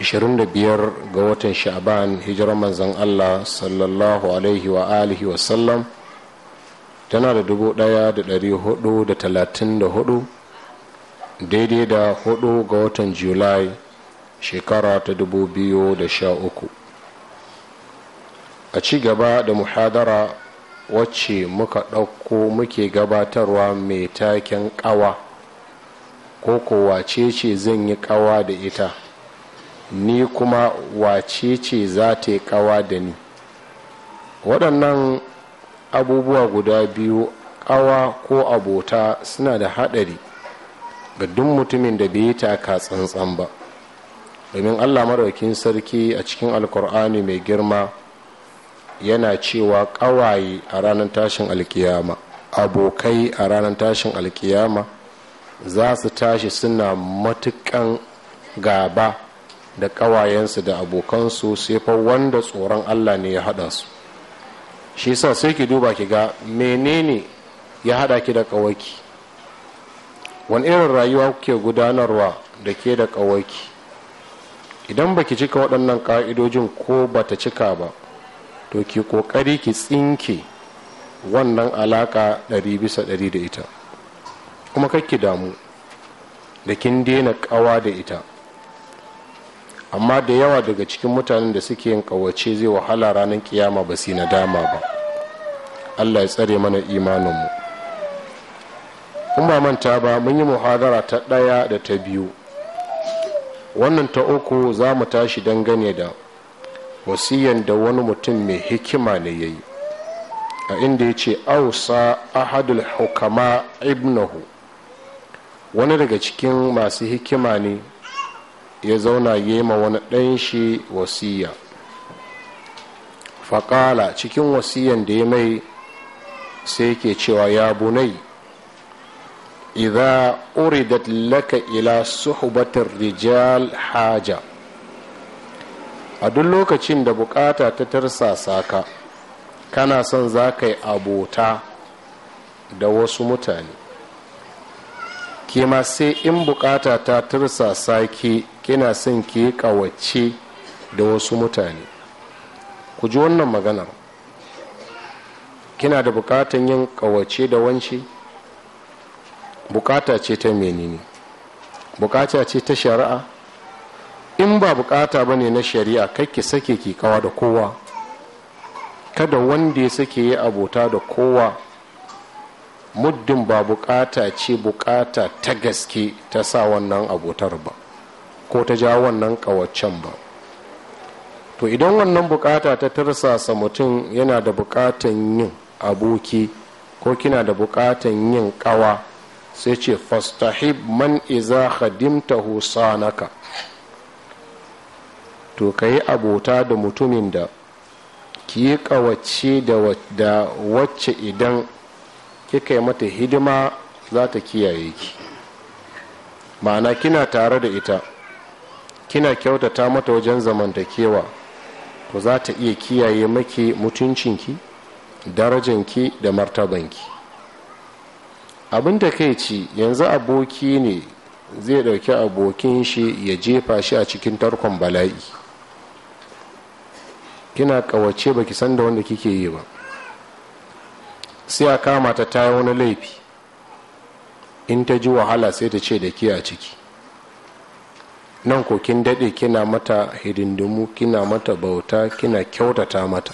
25 ga watan sha'ban hijirar manzan allah sallallahu alaihi wa alihi sallam tana da talatin 1434 daidai da 4 ga watan julai shekara ta dubu biyu da sha uku. a ci gaba da muhadara wacce muka ɗauko muke gabatarwa mai taken ƙawa ko kowace ce zan yi ƙawa da ita ni kuma wace ce za ta yi kawa da ni waɗannan abubuwa guda biyu kawa ko abota suna da haɗari ga duk mutumin da bai yi taka tsantsan ba domin allah maraukin sarki a cikin alkur'ani mai girma yana cewa ƙawaye a ranar tashin alkiyama abokai a ranar tashin alkiyama za su tashi suna matukan gaba da ƙawayensu da abokansu sai fa wanda tsoron allah ne ya haɗa su shi sa sai ki duba ki ga menene ya haɗa ki da ƙawaki wani irin rayuwa kuke gudanarwa da ke da ƙawaki idan baki cika waɗannan ƙa'idojin ko ba ta cika ba to ki ƙoƙari ki tsinke wannan alaƙa ɗari bisa ɗari da ita kuma kakki damu da kin daina ƙawa da ita amma da yawa daga cikin mutanen da suke yin kawace zai wahala ranar kiyama ba na dama ba allah ya tsare mana imaninmu kuma manta ba mun yi muhadara ta ɗaya da ta biyu wannan ta uku za mu tashi dangane da wasiyan da wani mutum mai hikima ne ya yi a inda ya ce ausa ahadul hukama ibnahu wani daga cikin masu hikima ne ya zauna yema wani ɗan shi wasiya faƙala cikin wasiyan da ya mai sai ke cewa ya bunai idza uridat laka ila suhbatir rijal haja a duk lokacin da bukata ta tarsasa ka kana son za ka yi abota da wasu mutane ke ma sai in bukata ta tursasa ke kina son ke kawace da wasu mutane ku ji wannan maganar kina da bukatan yin kawace da wanci bukata ce ta menene bukata ce ta shari'a in ba bukata ba ne na shari'a ki sake ki kawa da kowa kada wanda ya sake yi abota da kowa muddin ba bukata ce bukata ta gaske ta sa wannan abotar ba ko ta ja wannan kawaccen ba to idan wannan bukata ta tarsasa mutum yana da bukatan yin aboki ko kina da bukatan yin kawa sai ce fastahib man iza khadimtahu sanaka to ka yi abota da mutumin da ki yi kawace da wacce idan kika yi mata hidima za ta kiyaye ki ma'ana kina tare da ita kina kyautata mata wajen zamantakewa ko za ta iya kiyaye maki mutuncinki darajanki da martabanki abin da kai ci yanzu aboki ne zai ɗauki abokin shi ya jefa shi a cikin tarkon bala'i kina ƙawace baki san da wanda kike yi ba sai a kama ta ta wani laifi in ta ji wahala sai ta ce da ke a ciki nan ko kin daɗe kina mata hidindimu kina mata bauta kina kyautata mata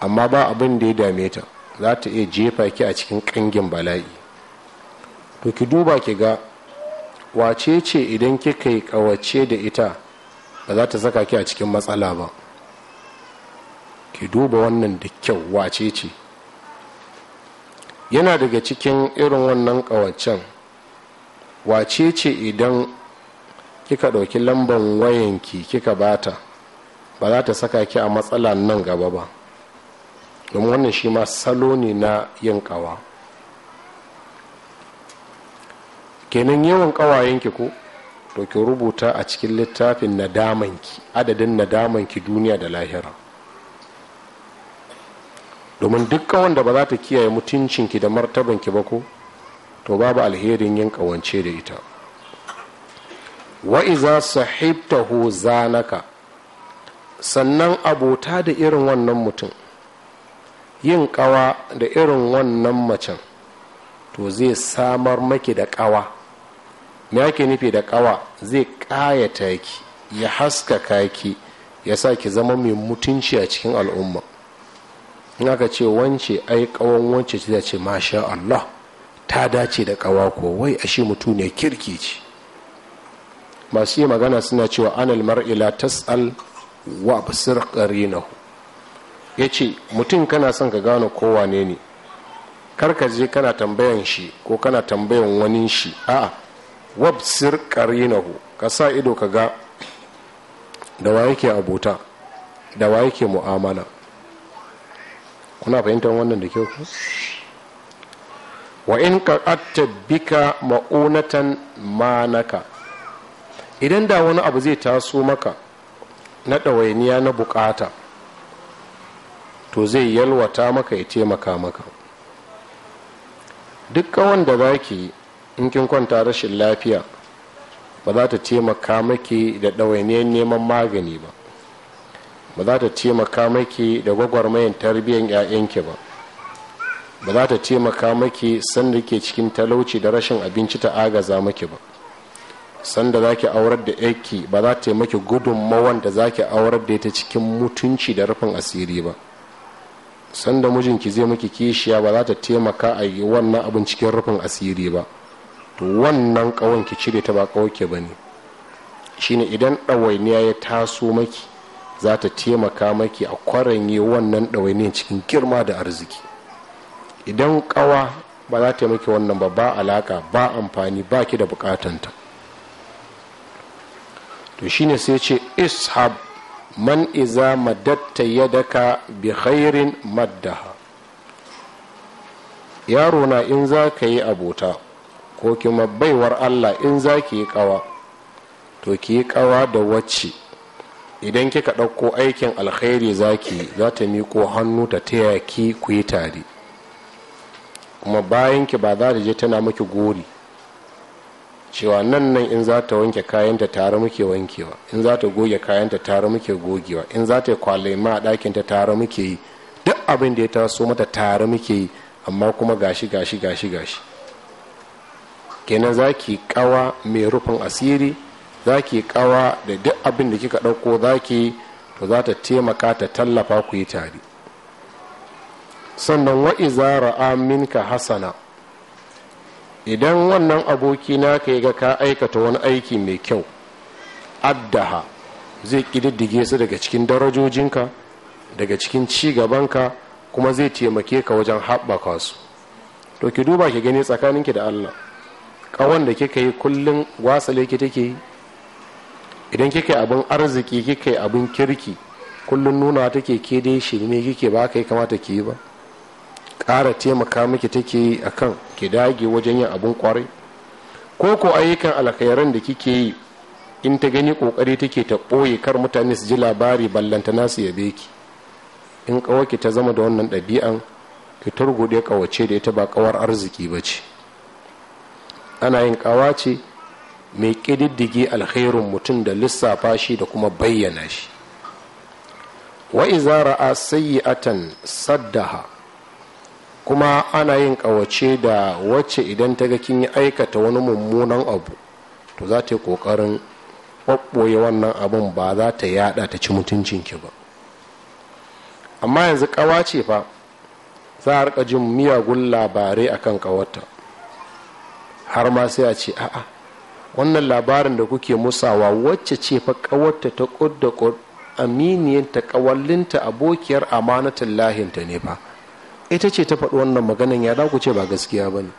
amma ba abin da ya dame ta za ta iya jefa ki a cikin ƙangin bala'i to ki duba ki ga wace ce idan kika yi ƙawace da ita ba za ta saka ki a cikin matsala ba ki duba wannan da kyau wace ce yana daga cikin irin wannan ƙawacen wace ce idan kika ɗauki lamban wayanki kika bata ba za ta saka ki a matsala nan gaba ba domin wannan shi ma salo ne na yin ƙawa kenan yawan ƙawayenki ko to ki rubuta a cikin littafin nadamanki adadin nadamanki duniya da lahira domin duk wanda ba za ta kiyaye mutuncinki da martabanki ba ko to babu alherin yin kawance da ita wa'iza sahibtahu zanaka sannan abota da irin wannan mutum yin kawa da irin wannan macen to zai samar maki da kawa me ake nufi da kawa zai ƙayata ki ya haskaka ki ya sa ki zama mai mutunci a cikin al'umma in aka ce wance ai kawon wance ta ce masha Allah ta dace da kawa ko wai ashe mutu ne kirki ce masu yi magana suna cewa anal mar'ila tas'al wa absir ya ce mutum kana son ka gano kowa ne ne kar ka je kana tambayan shi ko kana tambayan wani shi a'a wabsir qarinahu ka sa ido ka ga da wa yake abota da wa yake mu'amala kuna fahimtar wannan da kyau ku wa in qaqatta bika ma'unatan manaka idan da wani abu zai taso maka na ɗawainiya na bukata to zai yalwata maka ya taimaka maka duk kawan da baki in kin kwanta rashin lafiya ba za ta taimaka maki da ɗawainiyar neman magani ba ba za ta taimaka maki da gwagwarmayin tarbiyyar 'ya'yanki ba ba za ta taimaka maki sanda ke cikin talauci da rashin abinci ta agaza maki ba sanda za ki aurar da yaki ba za ta maki gudunmawan da za ki aurar da ita cikin mutunci da rufin asiri ba sanda mijinki zai maki kishiya ba za ta taimaka a yi wannan abin cikin rufin asiri ba to wannan kawon ki cire ta ba ke ba ne shine idan ɗawainiya ya taso maki za ta taimaka maki a yi wannan ɗawainiyar cikin girma da arziki idan ƙawa ba za ta maki wannan ba ba alaka ba amfani ba ki da bukatanta to shine sai ce ishab man iza madatta yadaka bi khairin maddaha yaro na in za ka yi abota ko kima baiwar allah in za ki yi ƙawa to ki yi kawa da wacce idan kika ɗauko aikin alkhairi zaki za ta miƙo hannu ta taya ki ku yi tare kuma bayan ki ba za ta je tana miki gori cewa nan nan in za ta wanke kayanta tare muke wankewa in za ta goge kayanta tare muke gogewa in za ta kwale ma ɗakin ta tare muke yi duk abin da ya taso mata tare muke yi amma kuma gashi gashi gashi gashi kenan za ki kawa mai rufin asiri za ki kawa da duk abin da kika ɗauko za ki to za ta taimaka ta tallafa ku yi tare sannan wa'iza ra'a minka hasana idan wannan aboki na yi ga ka aikata wani aiki mai kyau addaha zai ƙididdige su daga cikin darajojinka daga cikin cigabanka kuma zai taimake ka wajen haɓaka su to ki duba ki gani tsakaninki da allah ƙawan da kika yi kullum wasa ki take yi idan kika abin arziki kika abin kirki kullum nuna take ke dai ne kike ba kai kamata ki yi ba ƙara taimaka miki take yi a kan ki dage wajen yin abin kwarai ko ko ayyukan alkhairan da kike yi in ta gani kokari take ta ɓoye kar mutane su ji labari ballanta nasu yabe ki in ki ta zama da wannan ɗabi'an ki turgude ƙawace da ita ba ƙawar arziki ba ce ana yin ƙawa ce mai ƙididdige alherin mutum da lissafa shi da kuma bayyana shi wa ra'a atan saddaha kuma ana yin ƙawace da wacce idan ta ga kin yi aikata wani mummunan abu to za ta yi ƙoƙarin ɓaɓɓoye wannan abin ba za ta yada ta ci mutuncinki ba amma yanzu ƙawa ce fa za a rika jin miyagun labarai akan ƙawarta har ma sai a ce a'a wannan labarin da kuke musawa wacce ce fa kawarta ta kudda kud aminiyanta kawallinta abokiyar amanatin lahinta ne fa ita ce ta faɗi wannan maganan ya ku ce ba gaskiya ba ne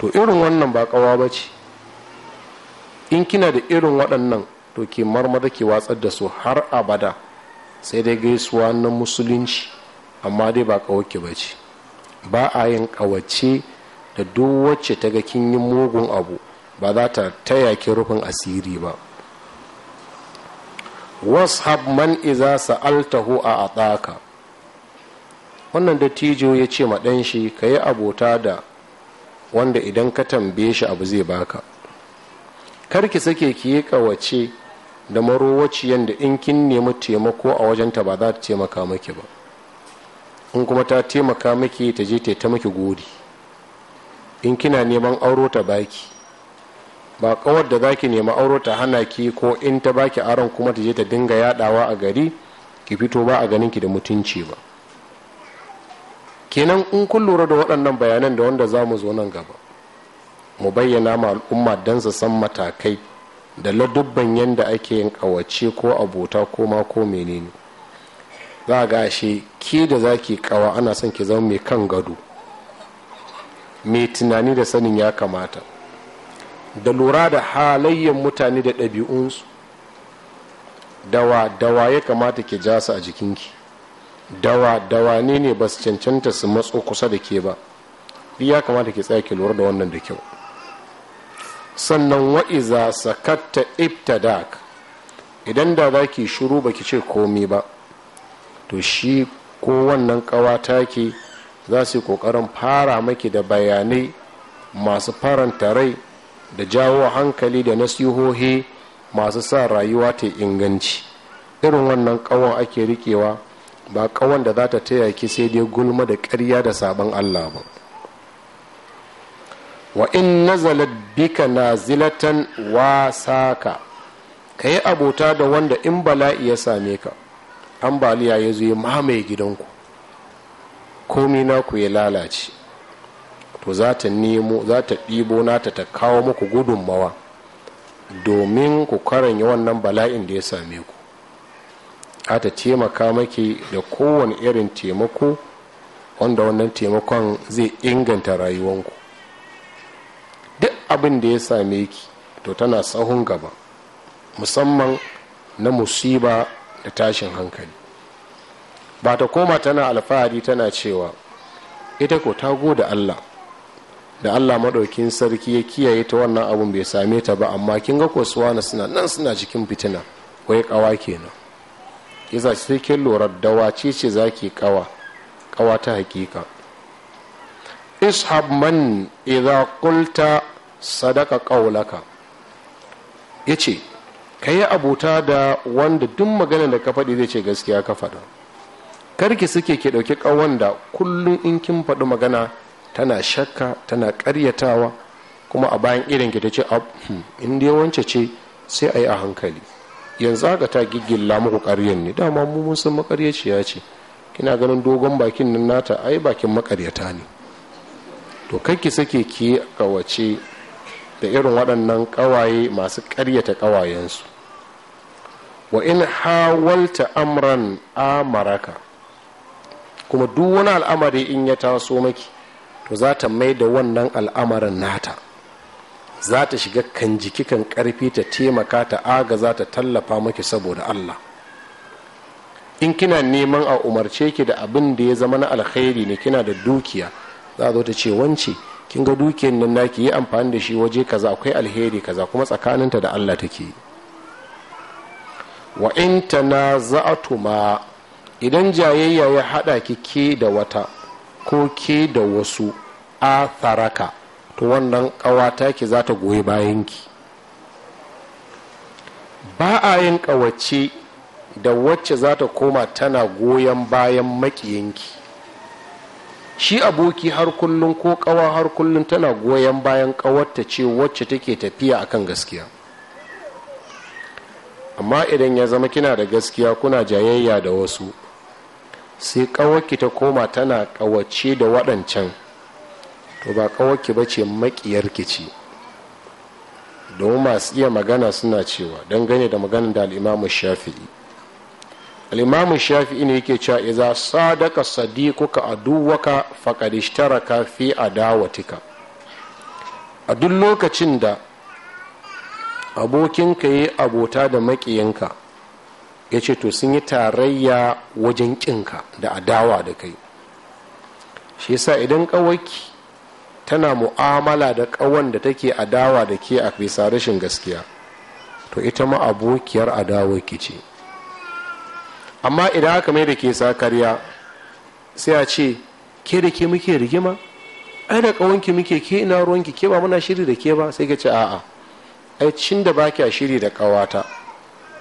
to irin wannan ba kawa ba ce in kina da irin waɗannan to ke marmara ke watsar da su har abada sai dai gaisuwa na musulunci amma dai ba kawake ba ce ba a yin kawace da duk wacce ta ga kin yi mugun abu ba za ta taya ki rufin asiri ba washab man iza sa'altahu a ataka wannan dattijo ya ce ma shi ka yi abota da wanda idan ka tambaye shi abu zai baka karki sake ki yi kawace da marowaciyan da in kin nemi taimako a wajenta ba za ta taimaka maki ba in kuma ta taimaka maki ta je ta maki gori in kina neman auro ta baki ba kawar da zaki nema auro ta hana ki ko in ta baki aron kuma ta je ta dinga yadawa a gari ki fito ba a ganin ki da mutunci ba kenan in kun lura da waɗannan bayanan da wanda za mu zo nan gaba mu bayyana ma al'umma don su san matakai da ladubban yadda ake yin kawace ko abota ko ma ko menene za a gashi ke da za ki kawa ana son ki zama mai kan gado mai tunani da sanin ya kamata da lura da halayyan mutane da ɗabi'unsu dawa dawa ya kamata ke ja su a jikinki dawa dawa ne ne ba su cancanta su matso kusa da ke ba ya kamata ke tsaya ke lura da wannan da kyau sannan wa'iza sakatta ibtadak idan da za ki shiru ba ki ce komi ba to shi ko wannan ƙawata ke za su yi ƙoƙarin fara maki da bayanai masu faranta rai da jawo hankali da nasihohi masu sa rayuwa ta inganci irin wannan kawon ake rikewa ba kawon da za ta taya ki sai dai gulma da ƙarya da sabon allah ba wa in nazalat bika nazilatan wasaka ka yi abota da wanda in bala'i ya same ka ambaliya ya zo ya mamaye gidanku komi ku ya lalace to za ta nemo za ta ɗibo nata ta kawo muku gudunmawa domin ku karanya wannan bala'in da ya same ku a ta taimaka maki da kowane irin taimako wanda wannan taimakon zai inganta rayuwanku duk abin da ya same ki to tana sahun gaba musamman na musiba da tashin hankali ba ta koma tana alfahari tana cewa ita ko ta goda allah da allah maɗaukin sarki ya kiyaye ta wannan abun bai same ta ba amma kin ga kosuwana suna nan suna cikin fitina wai kawa kenan yasa sai kin lura wace ce zaki kawa kawa ta hakika ishab man idza qulta sadaka ce yace kayi abuta da wanda duk magana da ka faɗi zai ce gaskiya ka faɗa karki suke ke ɗauki ƙawan da kullum in kin faɗi magana tana shakka tana karyatawa kuma a bayan irin ki ta ce hmm, in dai wance ce sai a yi a hankali yanzu aka ta giggilla muku karyar ne dama mu mun san makaryaciya ce kina ganin dogon bakin nan nata ai bakin makaryata ne to ki sake ki kawace da irin waɗannan ƙawaye masu ƙaryata ƙawayensu wa in hawalta amran amaraka kuma duk wani al'amari in ya taso maki to za ta mai da wannan al'amarin nata za ta shiga kan jiki kan karfi ta taimaka ta aga za ta tallafa maki saboda allah in kina neman a umarce ki da abin da ya zama na alkhairi ne kina da dukiya za a zo ta ce wance kin ga dukiyar nan naki yi amfani da shi waje kaza akwai alheri kaza kuma tsakaninta da Allah take wa in tanaza'tuma idan jayayya ya haɗa ki ke da wata ko ke da wasu atharaka to wannan ƙawata ki za ta goyi bayanki ba a yin ƙawace da wacce za ta koma tana goyon bayan makiyanki. shi aboki har kullum ko ƙawa har kullum tana goyon bayan ƙawarta ce wacce take tafiya akan gaskiya amma idan ya zama kina da gaskiya kuna jayayya da wasu sai ƙawarki ta koma tana ƙawace da waɗancan to ba kawarki ba ce maƙiyarki ce domin masu iya magana suna cewa don dangane da magana da al'imamu shafi'i al'imamu shafi'i ne yake cewa iza sadaka sadiquka aduwaka faqad ishtaraka fi adawatika a duk lokacin da abokinka yi abota da makiyanka ya ce to sun yi tarayya wajen ƙinka da adawa da kai shi yasa idan ƙawaki tana mu'amala da ƙawan da take adawa da ke a bisa rashin gaskiya to ita ma abokiyar adawa ki ce amma idan aka mai da ke sa karya sai a ce ke da ke muke rigima ai da ƙawanki muke ke ina ruwanki ke ba muna shiri da ke ba sai ka ce a'a ai cin da ba kya shiri da ƙawata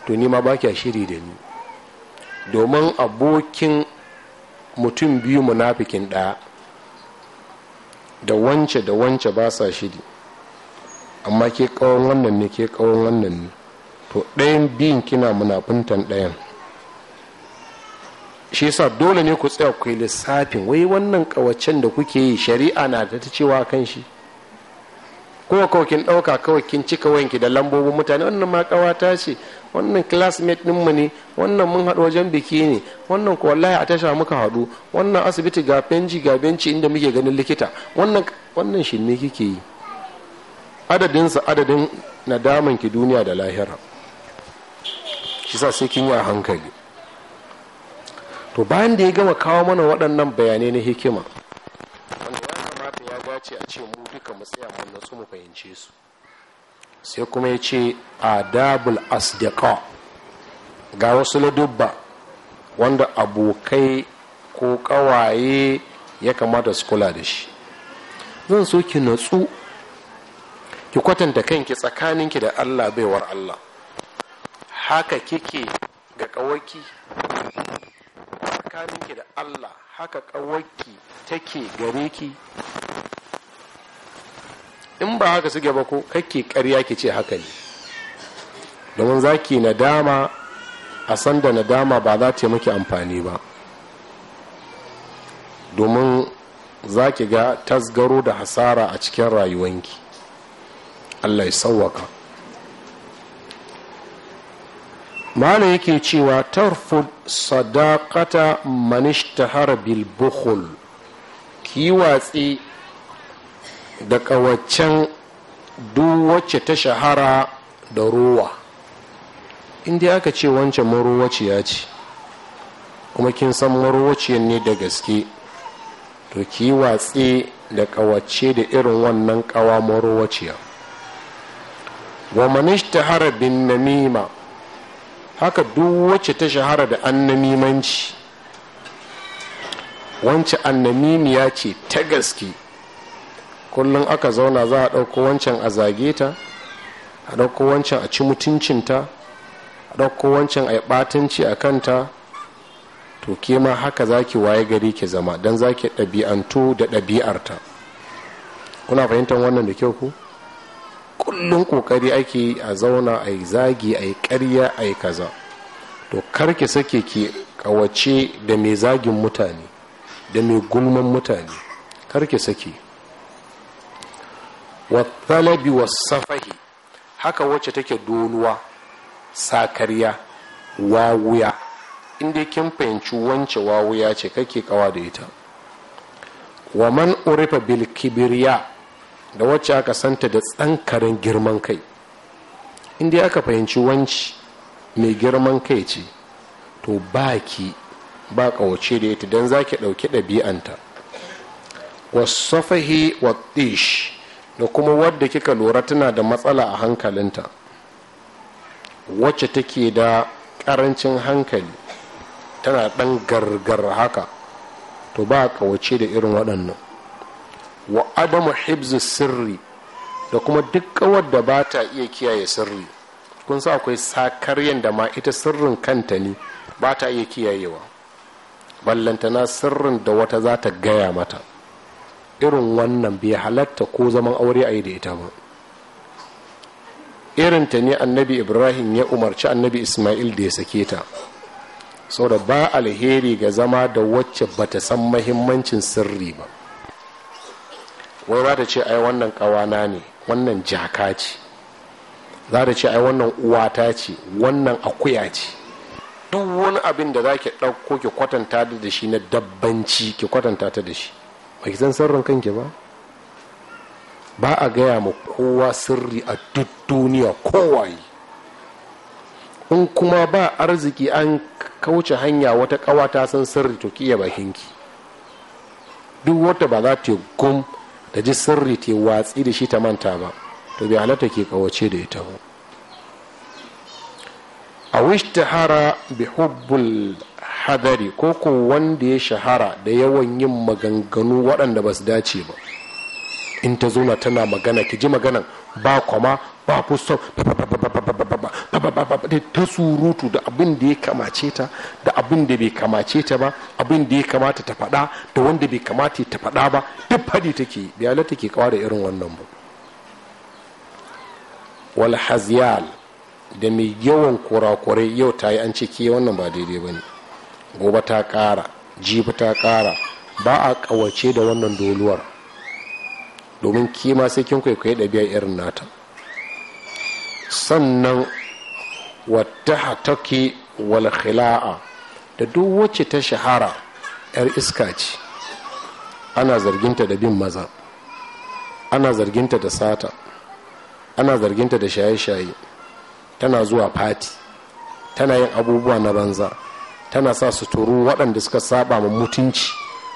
to ni ma ba kya shiri da ni domin abokin mutum biyu munafikin ɗaya da wance da wance ba sa shiri amma ke kawon wannan ne ke kawon wannan ne to ɗayan biyun kina munafuntan ɗayan shi sa dole ne ku tsaya ku yi lissafin wai wannan kawacen da kuke yi shari'a na ta cewa kan shi kuma kawakin kin ɗauka kawai kin cika wanki da lambobin mutane wannan ma kawata ce wannan classmate mu ne wannan mun haɗu wajen biki ne wannan ko wallahi a tasha muka haɗu wannan asibiti ga benji ga benci inda muke ganin likita wannan wannan ne kike yi adadinsa adadin nadaman ki duniya da lahira shi sa sai kin yi a hankali to bayan da ya gama kawo mana waɗannan bayanai na hikima wanda ya kamata ya dace a ce mu duka mu tsaya mu natsu mu fahimce su sai kuma ya ce adabul asdiqa ga wasu ladubba wanda abokai ko kawaye ya kamata su kula da shi zan so ki natsu ki kwatanta kanki tsakaninki da allah baiwar allah haka kike ga kawaki tsakaninki da allah haka kawaki take gare ki in ba haka suke ba ko kake karya ki ce haka ne domin za ki nadama a san da nadama ba za ta maki amfani ba domin za ki ga tasgaro da hasara a cikin rayuwanki allah ya sauwaka mana yake cewa tarfud sadakata manishtahar bilbukhul ki watsi da ƙawacen duk wacce ta shahara da ruwa inda aka ce wancan maruwaciya ce kuma kin san maruwaciyar ne da gaske to ki watsi da ƙawace da irin wannan ƙawa maruwaciya wa ta bin namima haka duk wacce ta shahara da annamimanci Wancan annamimiya ce ta gaske kullum aka zauna za a ɗauko wancan a zage ta a ɗauko wancan a ci mutuncinta a ɗauko wancan a yi ɓatanci a kanta to ke ma haka za ki waye gari ki zama don za ki ɗabi'antu da ɗabi'arta kuna fahimtar wannan da kyau ku kullum ƙoƙari ake yi a zauna a yi zagi a yi ƙarya a yi kaza to kar ki sake ki kawace da mai zagin mutane da mai gulman mutane kar ki sake wa talabi haka wacce take donuwa sakarya wawuya inda kin fahimci wance wawuya ce kake kawa da ita wa man urifa bil kibriya da wacce aka santa da tsankarin girman kai inda aka fahimci wanci mai girman kai ce to baki ba kawace da ita don za ki ɗauki ɗabi'anta wasafahi wa tish da kuma wadda kika lura tana da matsala a hankalinta wacce take da karancin hankali tana ɗan gargar haka to ba kawace da irin waɗannan wa adamu hibzu sirri da kuma duk kawar da ba ta iya kiyaye sirri kun sa akwai sakaryan da ma ita sirrin kanta ne ba ta iya kiyayewa ballantana sirrin da wata za ta gaya mata irin wannan bai halatta ko zaman aure a yi da ita ba irinta ne annabi ibrahim ya umarci annabi ismail da ya sake ta sau da ba alheri ga zama da wacce ba ta san mahimmancin sirri ba wai za ta ce ai wannan kawana ne wannan jaka ce za ta ce ai wannan uwata ce wannan akuya ce duk wani abin da za ki ɗauko ki kwatanta da shi na dabbanci ki kwatanta ta da shi ba ki san sirrin kanki ba ba a gaya ma kowa sirri a duk duniya kowaye in kuma ba arziki an kauce hanya wata kawa ta san sirri to ki iya bakinki duk wata ba za ta gum da ji sirri ta watsi da shi ta manta ba to bi halatta ke kawace da ita ba a wish tahara bi hubbul hadari ko ko wanda ya shahara da yawan yin maganganu waɗanda ba su dace ba in ta zuna tana magana ki ji maganan ba kwama ba fusto ta surutu da abin da ya kamace ta da abin da bai kamace ta ba abin da ya kamata ta faɗa da wanda bai kamata ta faɗa ba duk fadi take biyala take kawara irin wannan ba wal hazyal da mai yawan kurakurai yau ta yi an ce ke wannan ba daidai ba ne gobe ta ƙara jibi ta ƙara ba a ƙawace da wannan doluwar domin kima sai kin da ɗabi'a irin nata sannan wata hataki wal khila'a da duk wacce ta shahara 'yar iska ce ana zarginta da bin maza ana zarginta da sata ana zarginta da shaye-shaye tana zuwa fati tana yin abubuwa na banza tana sa suturu waɗanda suka saba ma mutunci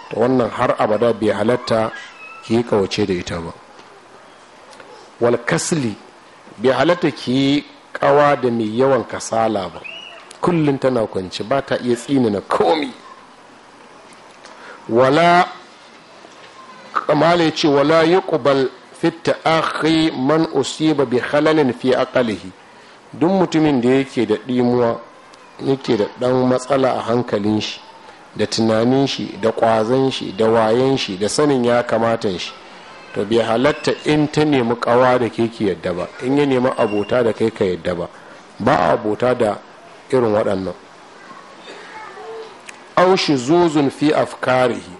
ta wannan har abada bai halatta ki yi kawace da ita ba wal kasli bai halatta ki yi kawa da mai yawan kasala ba kullum tana kwanci ba ta iya tsina na komi wala kamala ce wala yi kubal fitta akhi man usiba bi halalin fi akalihi duk mutumin da yake da ɗimuwa yake da ɗan matsala a hankalin shi da tunanin shi da ƙwazon shi da wayen shi da sanin ya kamata shi to bai halatta in ta nemi ƙawa da ke ki yadda ba in ya nemi abota da kai ka yadda ba ba a abota da irin waɗannan aushi zuzun fi afkarihi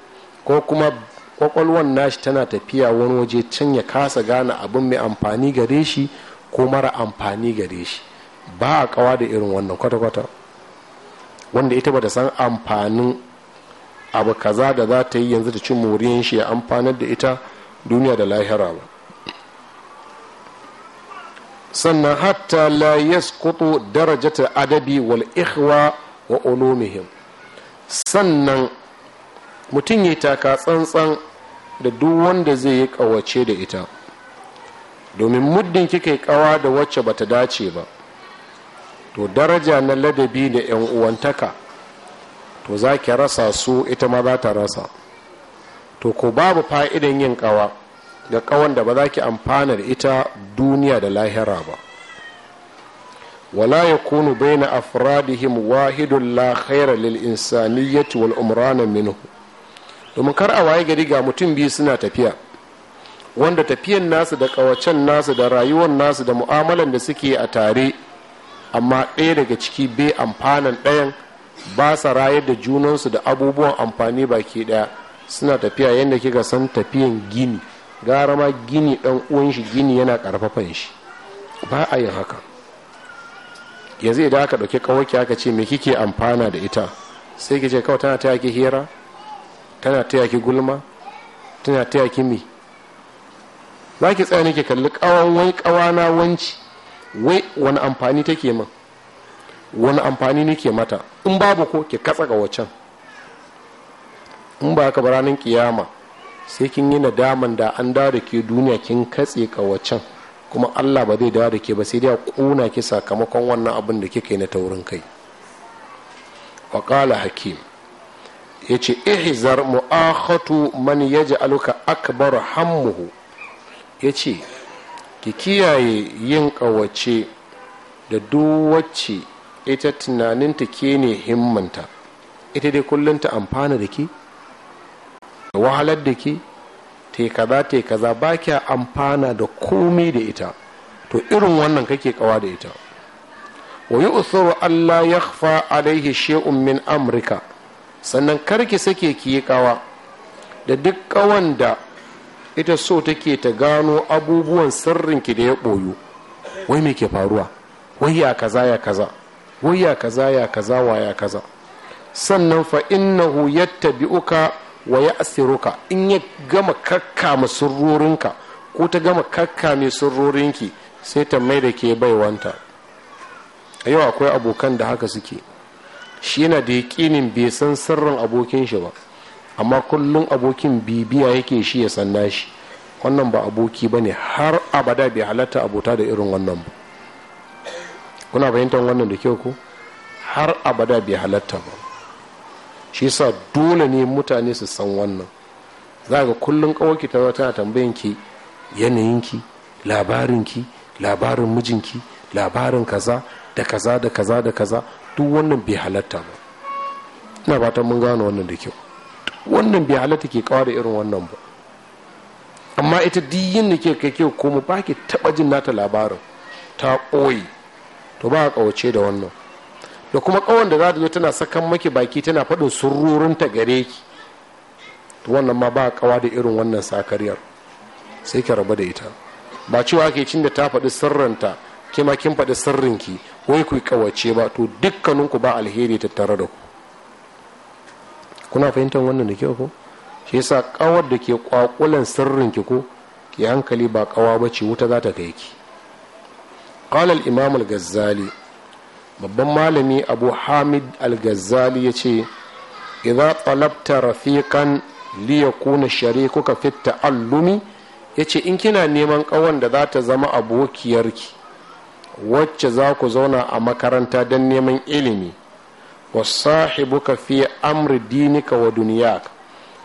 ko kuma kwakwalwan nashi tana tafiya wani waje can ya kasa gane abin mai amfani gare shi ko mara amfani gare shi ba a kawa da irin wannan kwata-kwata wanda ita bata san amfanin abu kaza da za ta yi yanzu ta ci moriyan shi ya amfanar da ita duniya da lahira ba sannan hatta la yasqutu darajata adabi wal ikhwa wa ulumihim sannan mutum ya taka tsantsan da duk wanda zai yi kawace da ita domin muddin kika yi kawa da wacce bata dace ba to daraja na ladabi da yan uwantaka to za ki rasa su ita ma za ta rasa to ko babu fa'idan yin kawa da kawan da ba za ki amfana da ita duniya da lahira ba wala ya kunu baina afradihim wahidun la khaira lil insaniyyati wal umrana minhu domin kar a waye gari ga mutum biyu suna tafiya wanda tafiyan nasu da kawacen nasu da rayuwar nasu da mu'amalan da suke a tare amma ɗaya daga ciki bai amfanan ɗayan ba sa rayar da junansu da abubuwan amfani baki ɗaya suna tafiya yadda kika san tafiyan gini gara ma gini ɗan uwan shi gini yana ƙarfafan shi ba a yin haka yanzu idan aka ɗauki ƙawaki aka ce me kike amfana da ita sai ki ce kawai tana taya ki hira tana taya ki gulma tana taya ki mi za ki tsaya ne ke kalli ƙawan wani ƙawana wanci wai wani amfani take min wani amfani nake mata in babu ko ki katsa ga wacan in ba ka ranar kiyama sai kin yi nadaman da an dawo da ke duniya kin katse ka wacan kuma allah ba zai dawo da ke ba sai dai a kuna ki sakamakon wannan abin da kika yi na taurin kai waƙala hakim ya ce ihzar mu'akhatu man yaji aluka akbar hammuhu ya ce ki kiyaye yin ƙawace da duk wacce ita tunaninta ke ne himmanta ita dai kullum ta amfana da ke da wahalar da ke ta yi kaza ta yi kaza ba kya amfana da komai da ita to irin wannan kake kawa da ita wa yi usuru allah ya fa alaihi she'un min amurka sannan karki sake ki yi kawa da duk kawan da ita so take ta gano abubuwan sirrinki da ya ɓoyo wai me ke faruwa wai ya kaza ya kaza wai ya kaza ya kaza wa ya kaza sannan fa innahu yattabi'uka wa ya'siruka in ya gama kakkama sirrorinka ko ta gama kakkame sirrorinki sai ta mai da ke baiwanta a yau akwai abokan da haka suke shi yana da yaƙinin bai san sirrin abokin shi ba amma kullum abokin bibiya yake shi ya sanna shi wannan ba aboki ba ne har abada bai halatta abota da irin wannan ba kuna fahimtar wannan da kyau ko har abada bai halatta ba shi sa dole ne mutane su san wannan za ga kullum kawaki ta tana tambayan ki yanayinki ki labarin ki labarin kaza da kaza da kaza da kaza duk wannan bai halatta ba ina fatan mun gano wannan da kyau wannan bai halatta ke kawo da irin wannan ba amma ita diyin da ke kyau koma ba ki taba jin nata labarin ta ɓoye to ba a kawace da wannan da kuma ƙawan da za ta zo tana sakan maki baki tana faɗin sururin ta gare ki to wannan ma ba a da irin wannan sakariyar sai ki rabu da ita ba cewa ke cin da ta faɗi sirrinta kima kin faɗi sirrinki wai ku kawace ba to dukkaninku ba alheri tattare da ku kuna fahimtar wannan da kyau ko shi yasa kawar da ke kwakulan sirrin ki ko ki hankali ba kawa ba ce wuta za ta kai ki qala al imam al ghazali babban malami abu hamid al ghazali yace idza talabta rafiqan li yakuna sharikuka fi ta'allumi yace in kina neman kawan da za ta zama abokiyarki wacce za ku zauna a makaranta don neman ilimi wa ka fi amri dinika wa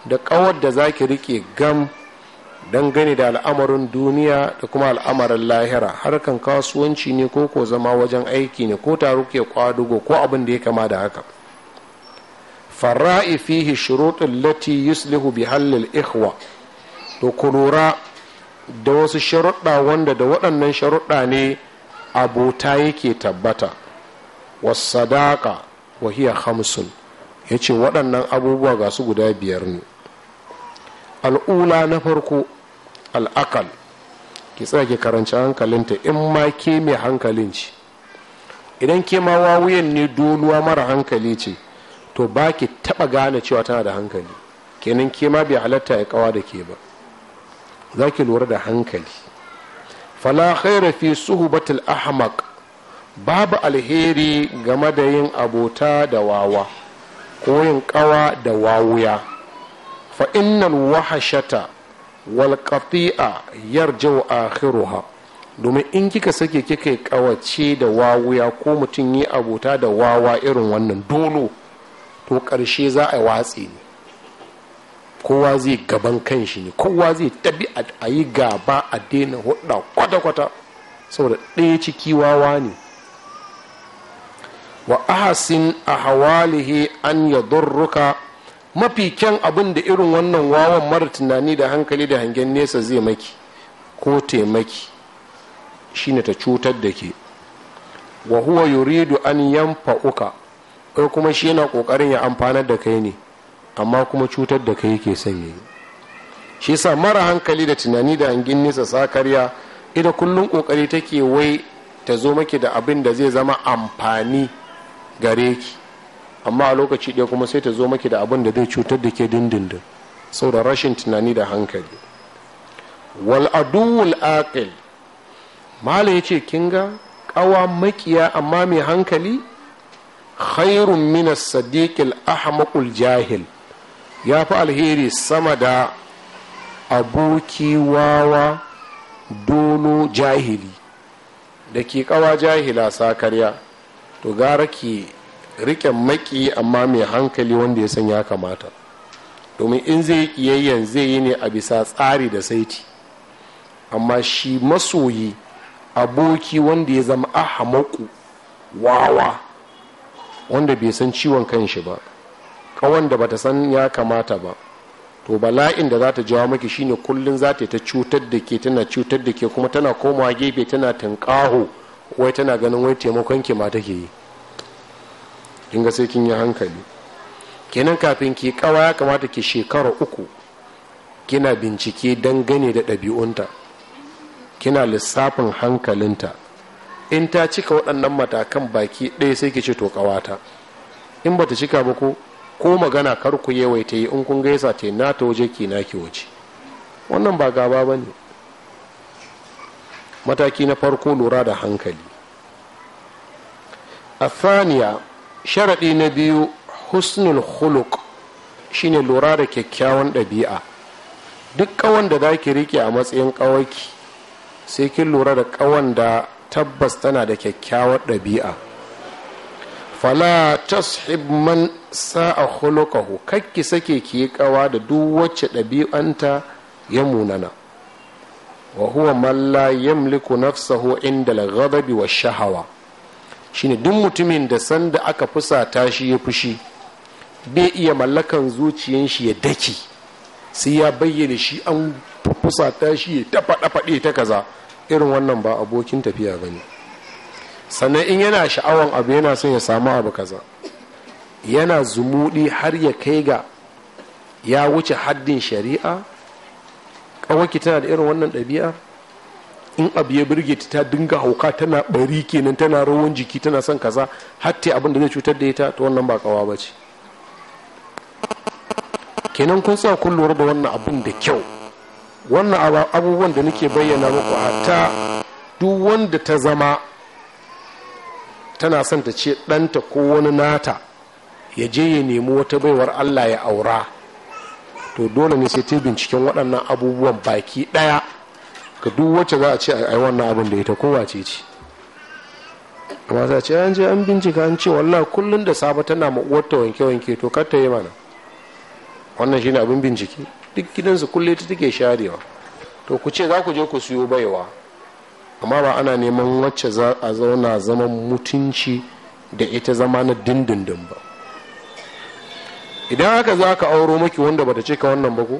da kawar da za ki rike gam dangane da al'amarin duniya da kuma al'amarin lahira harkan kasuwanci ne ko ko zama wajen aiki ne ko taro ke kwadugo ko abin da ya kama da haka fara'i fihi shuruɗin lati yuslihu bi hallil ikhwa to ku da wasu sharuɗa wanda da waɗannan sharuɗa ne abota yake tabbata wasadaka wahiya hamsin ya ce waɗannan abubuwa ga su guda biyar ne al'ula na farko al'akal ki tsaya karanci hankalinta in ma ke mai hankalin ce idan ke ma wawuyan ne doluwa mara hankali ce to ba ki taɓa gane cewa tana da hankali kenan ke ma bai halatta ya kawa da ke ba za ki lura da hankali fala khaira fi suhubatil ahmaq babu alheri game da yin abota da wawa ko yin kawa da wawuya fa innal wahashata wal qati'a a akhiruha domin in kika sake kika kawace da wawuya ko mutum yi abota da wawa irin wannan dolo to karshe za a watsi. ne kowa zai gaban kan shi ne kowa zai tabi a yi gaba a daina hudda kwata-kwata saboda ɗaya ciki wawa ne wa ahasin a hawalihi an ya mafi kyan abin da irin wannan wawan mara tunani da hankali da hangen nesa zai maki ko taimaki ne ta cutar da ke wa huwa yuridu an yamfa uka ko kuma shi yana kokarin ya amfanar da kai ne amma kuma cutar da kai yake son yi shi sa mara hankali da tunani da hangen nesa sakarya idan kullum kokari take wai ta zo maki da abin da zai zama amfani gare ki amma a lokaci ɗaya kuma sai ta zo maki da abin da zai cutar da ke dindindin saboda rashin tunani da hankali wal aduwul aqil mala yace kin ga kawa makiya amma mai hankali khairun min as-sadiqil ahmaqul jahil ya fi alheri sama da aboki wawa dono jahili da ke kawa jahila sakarya to gara ki rike maki amma mai hankali wanda ya san ya kamata domin in zai kiyayyen zai yi ne a bisa tsari da saiti amma shi masoyi aboki wanda ya zama ahamaku wawa wanda bai san ciwon kanshi ba kawan da bata san ya kamata ba to bala'in da za ta jawo maki shine kullum za ta cutar da ke tana cutar da ke kuma tana komawa gefe tana tunƙaho wai tana ganin wai taimakon ki ma take yi kin ga sai kin yi hankali kenan kafin ki kawa ya kamata ki shekara uku kina bincike gane da ɗabi'unta kina lissafin hankalinta in ta cika waɗannan matakan baki ɗaya sai ki ce to kawata in bata cika ba ko ko magana kar ku ta yi in kun gaisa taina na ta waje ki na ki waje wannan ba gaba ba ne mataki na farko lura da hankali a sharaɗi na biyu husnul shi shine lura da kyakkyawan ɗabi'a duk ƙawan da za ki riƙe a matsayin ƙawaki sai kin lura da ƙawan da tabbas tana da kyakkyawar ɗabi'a fala tashib man sa'a hulukahu kakki sake ki yi ƙawa da duk wacce ɗabi'anta ya munana wa huwa man la yamliku nafsahu inda al wa shahawa shine duk mutumin da sanda aka fusata shi ya fushi bai iya mallakan zuciyan shi ya daki sai ya bayyana shi an fusata shi ya tafaɗa ta kaza irin wannan ba abokin tafiya bane sannan in yana sha'awan abu yana son ya samu abu kaza yana zumuɗi har ya kai ga ya wuce haddin shari'a kawanki tana da irin wannan ɗabi'a in abu ya birge ta ta dinga hauka tana bari kenan tana rawan jiki tana son kaza hatta abin da zai cutar da ita ta wannan ba kawa ba ce kenan kun sa kun lura da wannan abin da kyau wannan abubuwan da nake bayyana muku ta duk wanda ta zama tana son ta ce ɗanta ko wani nata ya je ya nemi wata baiwar allah ya aura to dole ne sai ta binciken waɗannan abubuwan baki ɗaya ga duk wacce za a ce a wannan abin da ita kowa ce ce amma ce an je an bincika an ce wallah kullum da safe tana ma uwarta wanke wanke to kar ta yi mana wannan shine abin bincike duk gidansu kulle ta take sharewa to ku ce za ku je ku siyo baiwa amma ba ana neman wacce za a zauna zaman mutunci da ita zama na dindindin ba idan haka za ka auro maki wanda bata ce ka wannan ba ko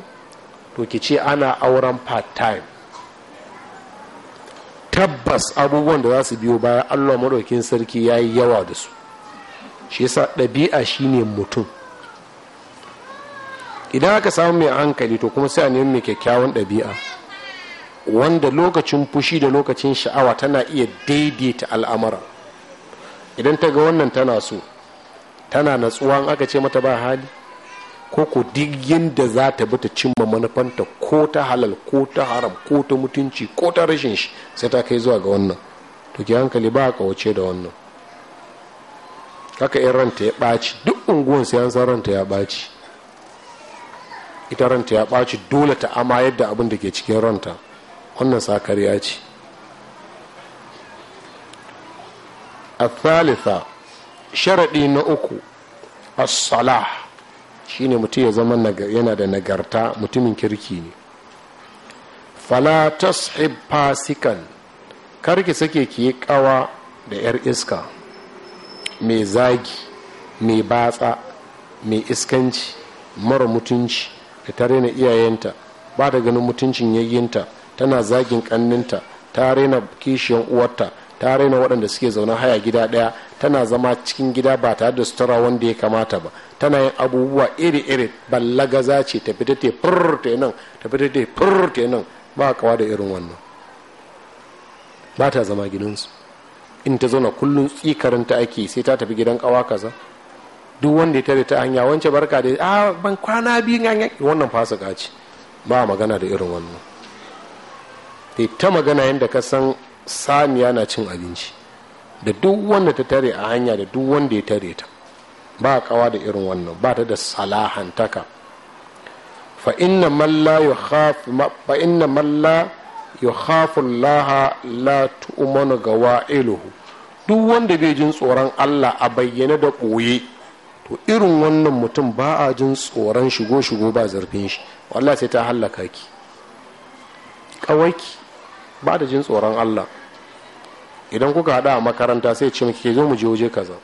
to ki ce ana auren part time tabbas abubuwan da za su biyo baya allah maɗaukin sarki ya yi yawa da su shi yasa ɗabi'a shine mutum idan aka samu mai hankali to kuma sai a nemi mai kyakkyawan ɗabi'a wanda lokacin fushi da lokacin sha'awa tana iya daidaita al'amara idan ta ga wannan tana so tana natsuwa aka ce mata ba hali ko ko duk yadda za ta bi ta cimma manufanta ko ta halal ko ta haram ko ta mutunci ko ta rashin shi sai ta kai zuwa ga wannan to ki hankali ba a kawace da wannan haka in ranta ya ɓaci duk unguwan sai an ranta ya ɓaci ita ranta ya ɓaci dole ta ama yadda abin da ke cikin ranta wannan sakariya ce a thalitha sharaɗi na uku as-salah shine mutum ya zama yana da nagarta mutumin kirki ne fala tashib fasikan karki sake ki yi kawa da 'yar iska mai zagi mai batsa mai iskanci mara mutunci da ta raina iyayenta ba da ganin mutuncin yayyinta tana zagin kanninta ta raina kishiyan uwarta ta raina waɗanda suke zaune haya gida ɗaya tana zama cikin gida ba tare da sutura wanda ya kamata ba tana yin abubuwa iri-iri za ce ta te furr ta nan ta te ta nan ba kawa da irin wannan ba ta zama gidansu in ta zauna kullum tsikarinta ake sai ta tafi gidan kawa kaza duk wanda ya tare ta hanya wance barka da a ah, ban kwana biyu wannan fasa gaci ba magana da irin wannan ta magana yadda ka san saniya na cin abinci da duk wanda ta tare a hanya da duk wanda ya tare ta ba kawa da irin wannan ba ta da salahantaka fa inna man la yukhafu fa inna man la yukhafu Allah la tu'manu duk wanda bai jin tsoron Allah a bayyane da ɓoye to irin wannan mutum ba a jin tsoron shigo shigo ba zarfin shi wallahi sai ta hallaka ki kawai ba da jin tsoron Allah idan kuka haɗa a makaranta sai ce ke zo mu je waje kaza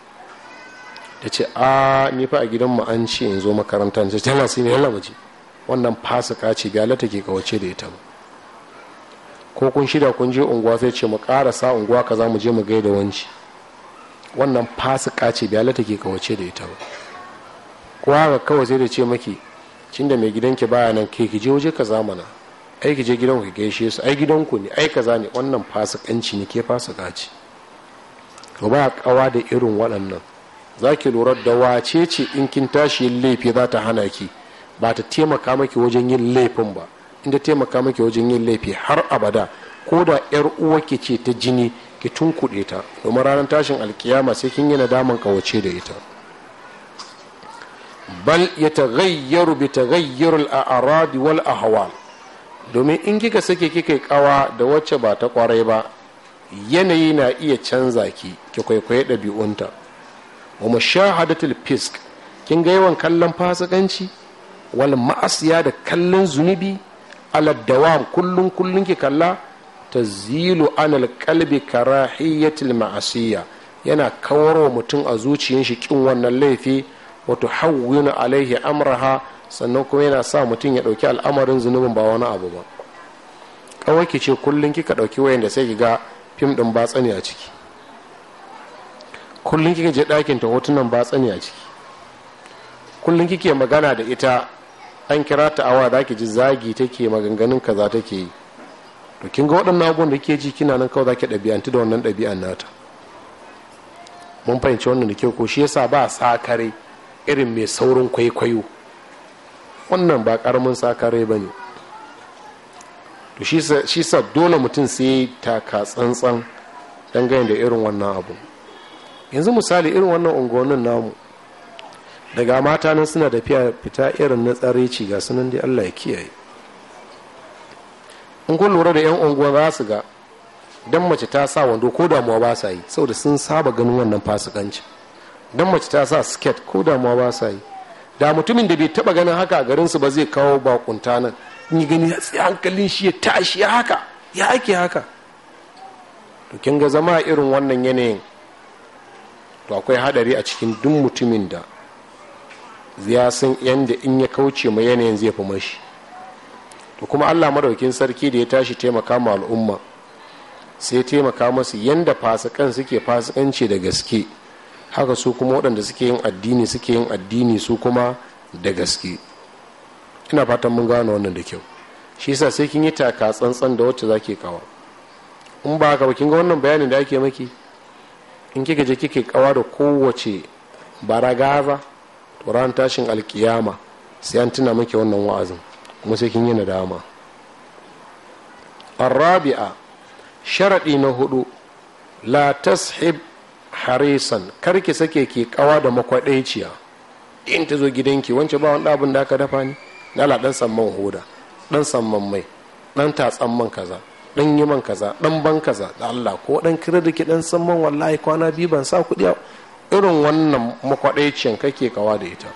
ya ce a ni fa a gidanmu an ce in zo makaranta ce tana su ne yalla waje wannan fasika ce ga lata ke kawace da ita ba ko kun shida kun je unguwa sai ce mu karasa unguwa ka za mu je mu gaida wanci wannan fasika ce ga lata ke kawace da ita ba kowa kawai sai da ce maki cin da mai gidanki baya nan ke ki je waje ka zamana ai ki je gidan ku gaishe su ai gidan ku ne ai kaza ne wannan fasikanci ne ke fasika ce ba kawa da irin waɗannan za ki lura da wace ce in kin tashi yin laifi za ta hana ki ba ta taimaka maki wajen yin laifin ba in ta taimaka maki wajen yin laifi har abada ko da yar uwarki ce ta jini ki tunkuɗe ta domin ranar tashin alkiyama sai kin yi nadaman kawace da ita bal ya taghayyaru bi taghayyurul a'radi wal ahwal domin in kika sake kika yi kawa da wacce ba ta kwarai ba yanayi na iya canza ki ki kwaikwaye ɗabi'unta wa mashahadatul fisk kin ga yawan kallon fasikanci wal ma'asiya da kallon zunubi ala dawam kullun kullun ki kalla tazilu anal qalbi karahiyatul ma'asiya yana kawarwa mutum a zuciyar shi kin wannan laifi wa tuhawwinu alaihi amraha sannan kuma yana sa mutum ya dauki al'amarin zunubin ba wani abu ba kawai ki ce kullun kika dauki wayanda da sai ki ga fim din batsani a ciki kullum kika je ɗakin ta hotunan ba tsani a ciki kullum kike magana da ita an kira ta awa da ji zagi take maganganun kaza take yi to kin ga waɗannan abubuwan da ke ji kina nan kawai zaki ɗabi'antu da wannan ɗabi'an nata mun fahimci wannan da kyau ko shi yasa ba sakare irin mai saurin kwaikwayo wannan ba karamin sakare ba ne to shi sa dole mutum sai taka tsantsan dangane da irin wannan abu yanzu misali irin wannan unguwannin namu daga mata nan suna tafiya fita irin na ci ga sunan dai allah ya kiyaye in kun lura da yan unguwa za su ga don mace ta sa wando ko damuwa ba sa yi saboda sun saba ganin wannan fasikanci don mace ta sa sket ko damuwa ba sa yi da mutumin da bai taba ganin haka a garin su ba zai kawo bakunta nan in gani sai hankalin shi ya tashi haka ya ake haka to kin ga zama irin wannan yanayin to akwai hadari a cikin duk mutumin da ya san yadda in ya kauce ma yanayin zai fi mashi to kuma allah madaukin sarki da ya tashi taimaka ma al'umma sai taimaka masu yadda fasikan suke fasikanci da gaske haka su kuma waɗanda suke yin addini suke yin addini su kuma da gaske ina fatan mun gano wannan da kyau shi yasa sai kin yi taka tsantsan da wacce zake kawa in ba ka ba kin ga wannan bayanin da ake maki in kika je kike kawa da kowace baragaza to ran tashin alkiyama sai an tuna miki wannan wa'azin kuma sai kin yi nadama arabi'a sharaɗi na hudu la tashib harisan kar sake ki kawa da makwaɗaiciya in ta zo gidanki wance ba wanda abin da aka dafa ni la dan samman hoda dan samman mai dan tatsan man kaza dan yi man kaza dan ban kaza da Allah ko dan kira da ke dan san man wallahi kwana biyu ban sa kuɗi irin wannan makwadaiciyan kake kawa da ita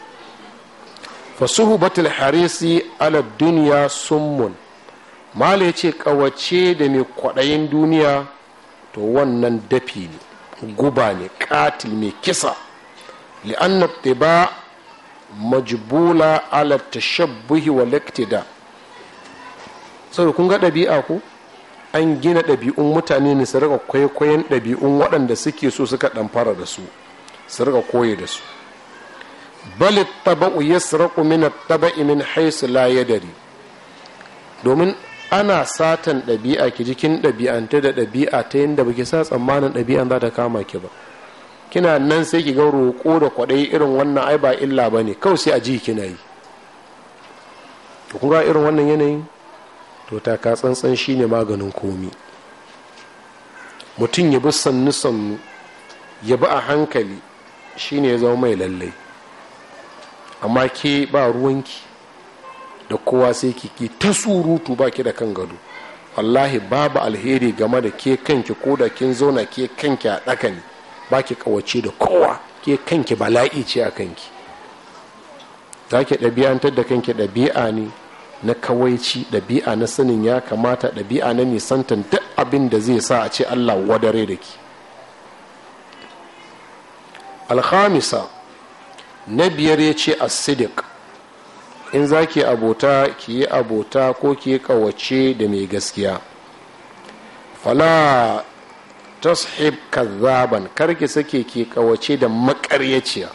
fasuhubatul harisi ala duniya summun mala yace ce kawace da mai kwaɗayin duniya to wannan dafi ne guba ne katil mai kisa li'anna tiba majbula ala tashabbuhi wa iktida sai kun ga ɗabi'a ko an gina ɗabi'un mutane ne su rika kwaikwayon ɗabi'un waɗanda suke so suka fara da su su rika koyi da su bali taba'u yasraqu min tabai min haisu la dari domin ana satan ɗabi'a ki jikin ɗabi'anta da ɗabi'a ta yadda baki sa tsammanin ɗabi'an za ta kama ki ba kina nan sai ki ga roƙo da kwaɗayi irin wannan ai ba illa ba ne kawai sai a ji kina yi to kun ga irin wannan yanayin to ka tsantsan shine maganin komi mutum ya bi sannu sannu ya bi a hankali shine ya zama mai lallai amma ke ba ruwanki da kowa sai ki ta surutu ba ki da kan gado wallahi babu alheri game da ke kanki ko da kin zauna ke kanki a ɗakani ba ki kawace da kowa ke kanki bala'i ce a kanki za ki ɗabi'antar da kanki ɗabi'a ne na kawaici ɗabi'a na sanin ya kamata ɗabi'a na nisantan duk abin da zai sa a ce allah wadare da ke alhamisa na biyar ya ce asidik in za ki abota ki yi abota ko ki kawace da mai gaskiya fala tashib kar ki sake ki kawace da makaryaciya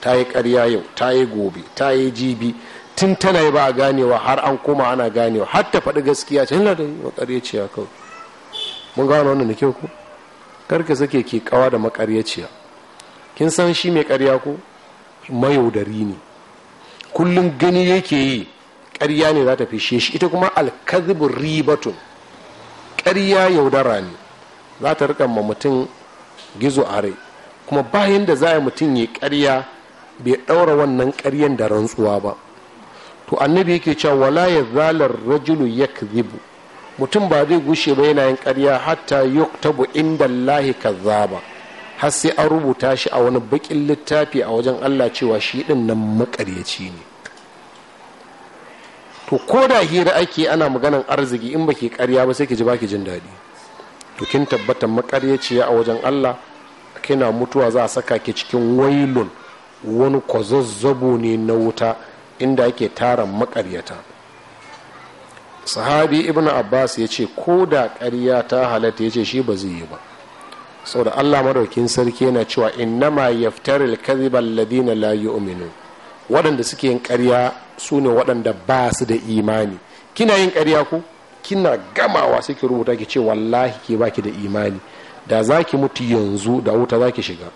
ta yi karya yau ta yi gobe ta yi jibi tun tana yi ba a ganewa har an koma ana ganewa har ta faɗi gaskiya ce yana da makaryaciya kawai mun gano wannan da kyau ko karka sake ke kawa da makaryaciya kin san shi mai karya ko mayaudari ne kullum gani yake yi karya ne za ta fishe shi ita kuma alkazibin ribatun karya yaudara ne za ta rika ma mutum gizo a rai kuma bayan da za a mutum ya karya bai ɗaura wannan karyan da rantsuwa ba to annabi yake cewa wala ya zalar rajulu yakzibu mutum ba zai gushe ba yana yin karya, hatta yuktabu inda ka kazzaba har sai an rubuta shi a wani bakin littafi a wajen Allah cewa shi din nan makaryaci ne to ko da hira ake ana maganan arziki in baki karya ba sai ki ji baki jin daɗi to kin tabbatar makaryaci a wajen Allah kina mutuwa za a saka ki cikin wailun wani kwazazzabo ne na wuta inda ake tara makaryata sahabi ibn abbas ya ce ko da ƙarya ta halatta ya ce shi ba zai yi ba saboda allah madaukin sarki yana cewa innama yaftaril kadhiba layi la yu'minun waɗanda suke yin ƙarya su ne waɗanda ba su da imani kina yin ƙarya ku kina gamawa suke rubuta ki ce wallahi ke baki da imani da za ki mutu yanzu da wuta za ki shiga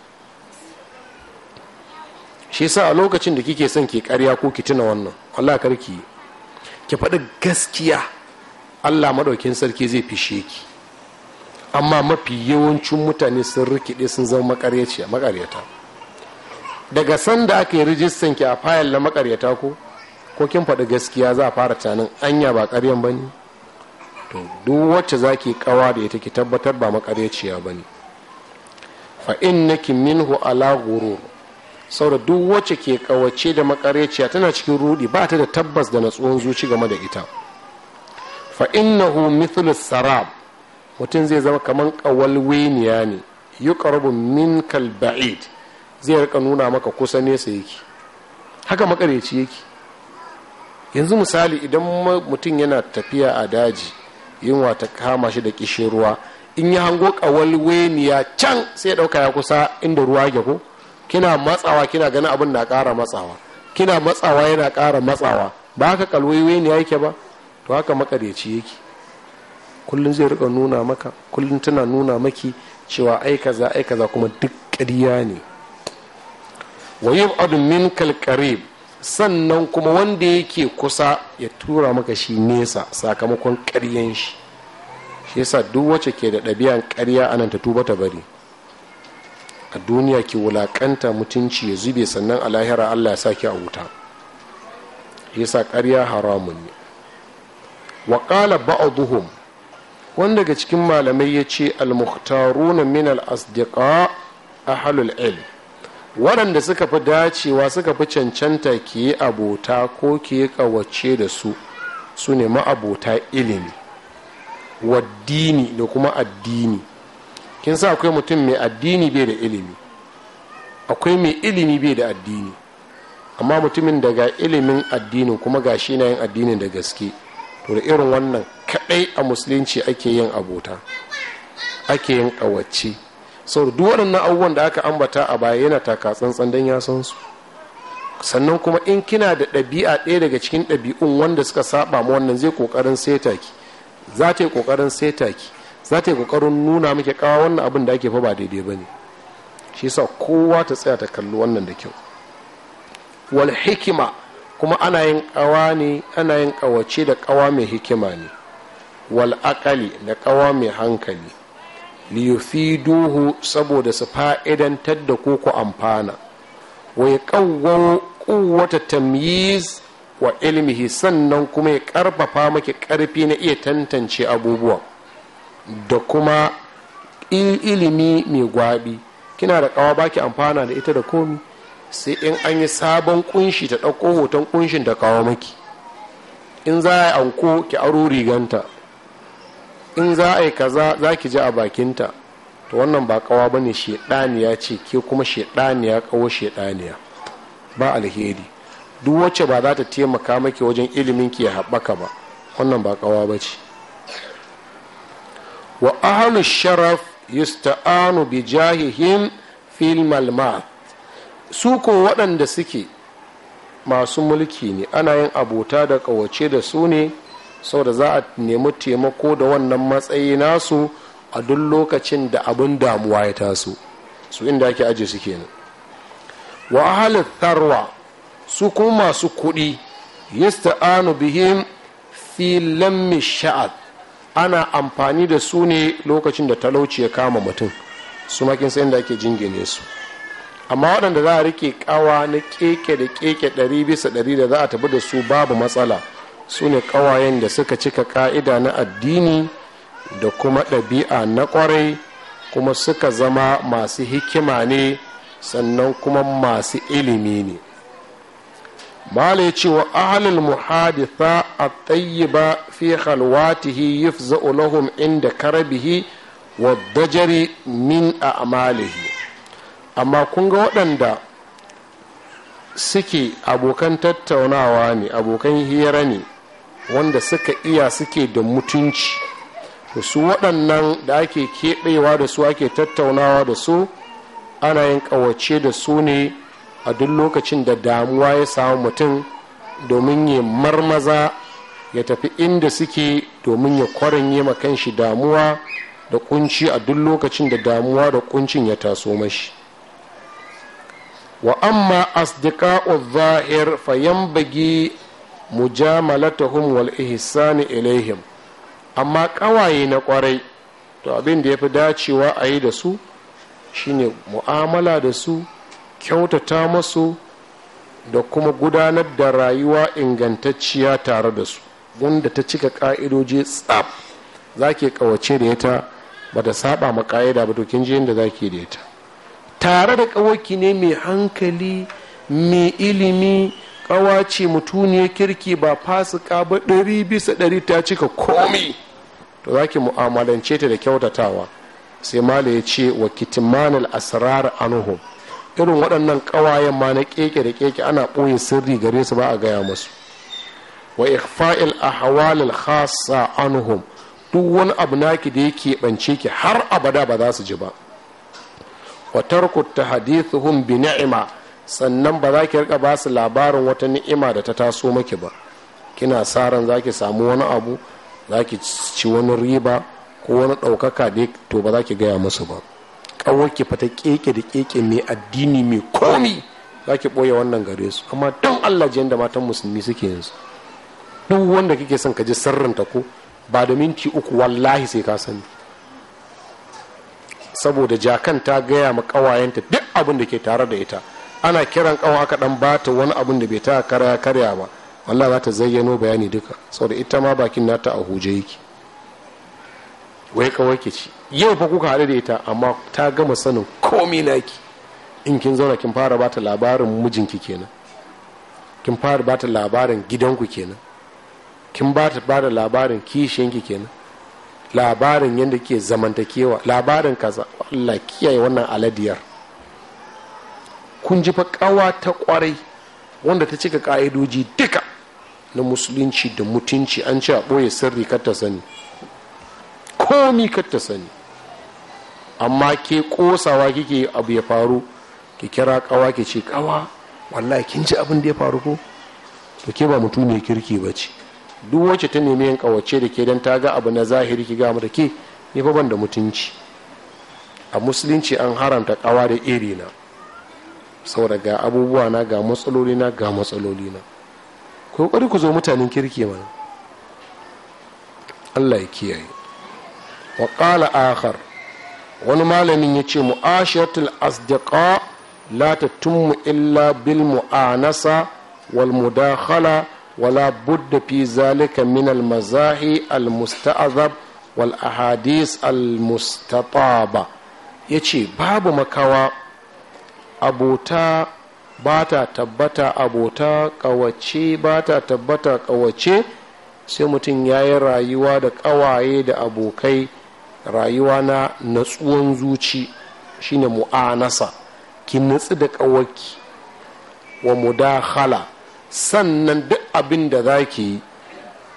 shi sa a lokacin da kike son ki karya ko ki tuna wannan Allah karki ki faɗi gaskiya Allah maɗaukin sarki zai fishe ki amma mafi yawancin mutane sun rikide sun zama makaryaciya makaryata daga sanda aka yi rijistan ki a fayil na makaryata ko ko kin faɗi gaskiya za a fara tunanin anya ba karyan ba ne to duk wacce za ki kawa da ita ki tabbatar ba makaryaciya ba ne fa innaki minhu ala ghurur saboda duk wacce ke kawace da makareciya tana cikin rudi ba ta da tabbas da natsuwan zuci game da ita fa innahu mithlu sarab mutum zai zama kaman kawal weniya ne yuqrabu min kalba'id zai rika nuna maka kusa nesa yake haka makareci yake yanzu misali idan mutum yana tafiya a daji yunwa ta kama shi da kishin ruwa in ya hango kawal weniya can sai ya dauka ya kusa inda ruwa ya ko kina matsawa kina ganin abin na kara matsawa kina matsawa yana ƙara matsawa ba haka kalwaiwe ne yake ba to haka makaryaci yake kullum zai rika nuna maka kullum tana nuna maki cewa ai kaza ai kaza kuma duk ƙarya ne wa yub'adu min sannan kuma wanda yake kusa ya tura maka shi nesa sakamakon ƙaryen shi shi yasa duk wacce ke da ɗabi'an ƙarya anan ta tuba ta bari a duniya ke wulaƙanta mutunci ya zube sannan a lahira allah ya sake a wuta yasa ƙarya haramun ne waƙala ba'aduhum wanda daga cikin malamai ya ce almuhtaruna min al-asdiqa ahlul ilm waɗanda suka fi dacewa suka fi cancanta ke abota ko ke yi ƙawace da su su ne ma'abota ilimi waddini da kuma addini kin sa akwai mutum mai addini bai da ilimi akwai mai ilimi bai da addini amma mutumin daga ilimin addinin kuma ga shi na yin addinin da gaske to da irin wannan kadai a musulunci ake yin abota ake yin kawace sau duk waɗannan abubuwan da aka ambata a baya yana taka tsantsan don ya san su sannan kuma in kina da ɗabi'a ɗaya daga cikin ɗabi'un wanda suka saba ma wannan zai ƙoƙarin seta ki za ta yi ƙoƙarin seta ki za ta yi kokarin nuna muke kawo wannan abin da ake fa ba daidai ba ne shi sa kowa ta tsaya ta kalli wannan da kyau wal hikima kuma ana yin kawa ne ana yin kawace da kawa mai hikima ne wal akali da kawa mai hankali li duhu saboda su fa'idantar da ko ku amfana wai kawwawo kuwata tamyiz wa ilmihi sannan kuma ya karfafa maki karfi na iya tantance abubuwan da kuma ilimi mai gwabi kina da kawa baki amfana da ita da komi sai in an yi sabon kunshi ta ɗauko hoton kunshin da kawo maki in za a yi anko ki aro riganta in za a yi kaza za ki ji a bakinta to wannan ba kawa ba ne shedaniya ce ke kuma shaɗaniya kawo shaɗaniya ba alheri duk wacce ba za ta taimaka maki wajen ilimin ki ya haɓaka ba wannan ba kawa ba ce wa ahlus sharaf yusta'anu bi jahihim fil malmat su ko waɗanda suke masu mulki ne ana yin abota da ƙawace da su ne saboda za a nemi taimako da wannan matsayi nasu a duk lokacin da abin damuwa ya taso su inda ake aji su kenan wa ahlul tharwa su kuma masu kuɗi yusta'anu bihim fi lammi ana amfani da su ne lokacin da talauci ya kama mutum su makin sayan da ake jingine su amma waɗanda za a rike kawa na keke da keke ɗari bisa ɗari da za a tafi da su babu matsala su ne kawayen da suka cika ka'ida na addini da kuma ɗabi'a na ƙwarai kuma suka zama masu hikima ne sannan kuma masu ilimi ne mala ya ce wa ahlul muhaditha at-tayyiba fi khalwatihi yafza'u lahum inda karabihi wa dajari min a'malihi amma kun ga waɗanda suke abokan tattaunawa ne abokan hira ne wanda suka iya suke da mutunci da su waɗannan da ake keɓewa da su ake tattaunawa da su ana yin ƙawace da su ne a duk lokacin da damuwa ya samu mutum domin ya marmaza ya tafi inda suke domin ya kwarin yi makan shi damuwa da kunci a duk lokacin da damuwa da kuncin ya taso mashi wa amma asdiqa'u zahir fayanbagi mujamalatuhum wal ihsani ilaihim amma kawaye na kwarai to abin da fi dacewa a yi da su shine mu'amala da su kyautata masu da kuma gudanar da rayuwa ingantacciya tare da su wanda ta cika ka'idoji tsaf za ke kawace da ita ba ta saba ma ka'ida ba to kin da za ki da ita tare da kawaki ne mai hankali mai ilimi kawace mutuniyar kirki ba fasika ba ɗari bisa ɗari ta cika komi to za ki mu'amalance ta da kyautatawa sai mala ya ce wa kitimanal asrar anuhum irin waɗannan ƙawayen ma na keke da keke ana ɓoye sirri gare su ba a gaya musu wa ikfa'il ahwalil khassa anhum duk wani abu naki da yake bance ki har abada ba za su ji ba wa tarku tahdithuhum bi ni'ima sannan ba za ki rika ba su labarin wata ni'ima da ta taso maki ba kina sa za ki samu wani abu za ki ci wani riba ko wani ɗaukaka dai to ba za ki gaya musu ba ƙawake fata keke da keke mai addini mai komi za ki ɓoye wannan gare su amma don allah jiyan da matan musulmi suke yanzu duk wanda kake son ka ji sirrinta ko ba da minti uku wallahi sai ka sani saboda jakan ta gaya ma kawayenta duk abin da ke tare da ita ana kiran kawa aka dan bata wani abin da bai ta karya karya ba wallah za ta zayyano bayani duka saboda ita ma bakin nata a huje yake wai kawai ke ci yau fa kuka haɗu da ita amma ta gama sanin komi naki in kin zauna kin fara bata labarin mijinki kenan kin fara bata labarin gidanku kenan kin bata bada labarin kishiyanki kenan labarin yadda ke zamantakewa labarin kaza Allah kiyaye wannan aladiyar kun ji fa kawa ta kwarai wanda ta cika ka'idoji duka na musulunci da mutunci an ce a ɓoye sirri kar ta sani komi kar ta sani amma ke kosawa kike abu ya faru ki kira kawa ki ce kawa wallahi kin ji abin da ya faru ko to ke ba mutum ne kirki ba ce duk wacce ta nemi yin kawace da ke dan ta ga abu na zahiri ki ga da ke ni fa ban da mutunci a musulunci an haramta kawa da iri na saboda ga abubuwa na ga matsaloli na ga matsaloli na ku kokari ku zo mutanen kirki mana Allah ya kiyaye wa qala akhar wani malamin ya ce mu'ashiratul asdiqa la tatummu illa bil mu'anasa wal mudakhala wala budda fi zalika min al mazahi al musta'azab wal ahadis al mustataba yace babu makawa abota ba ta tabbata abota kawace ba ta tabbata kawace sai mutum ya yi rayuwa da kawaye da abokai rayuwa na natsuwan zuci shine mu'anasa ki natsu da ƙawarki wa mudakhala sannan duk abin da za ki yi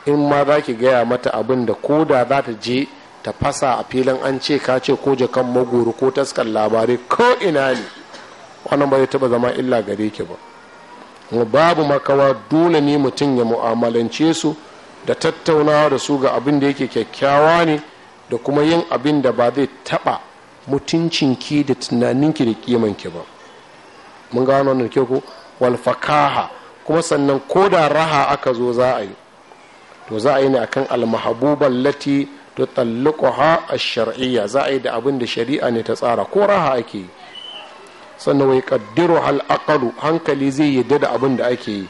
in ma za ki gaya mata abin da ko da za ta je ta fasa a filin an ce ka ce ko jakan magoro ko taskar labarai ko ina ne wannan ba zai taba zama illa gare ki ba babu makawa dole ne mutum ya mu'amalance su da tattaunawa da su ga abin da yake kyakkyawa ne da kuma yin abin da ba zai taɓa mutuncinki da tunaninki da kimanki ba mun gano wannan kyau ko walfakaha kuma sannan ko da raha aka zo za a yi to za a yi ne kan almahabuban lati to ha a shariyya za a yi da abin da shari'a ne ta tsara ko raha ake yi sannan wai kaddiru hal aqalu hankali zai yadda da abin da ake yi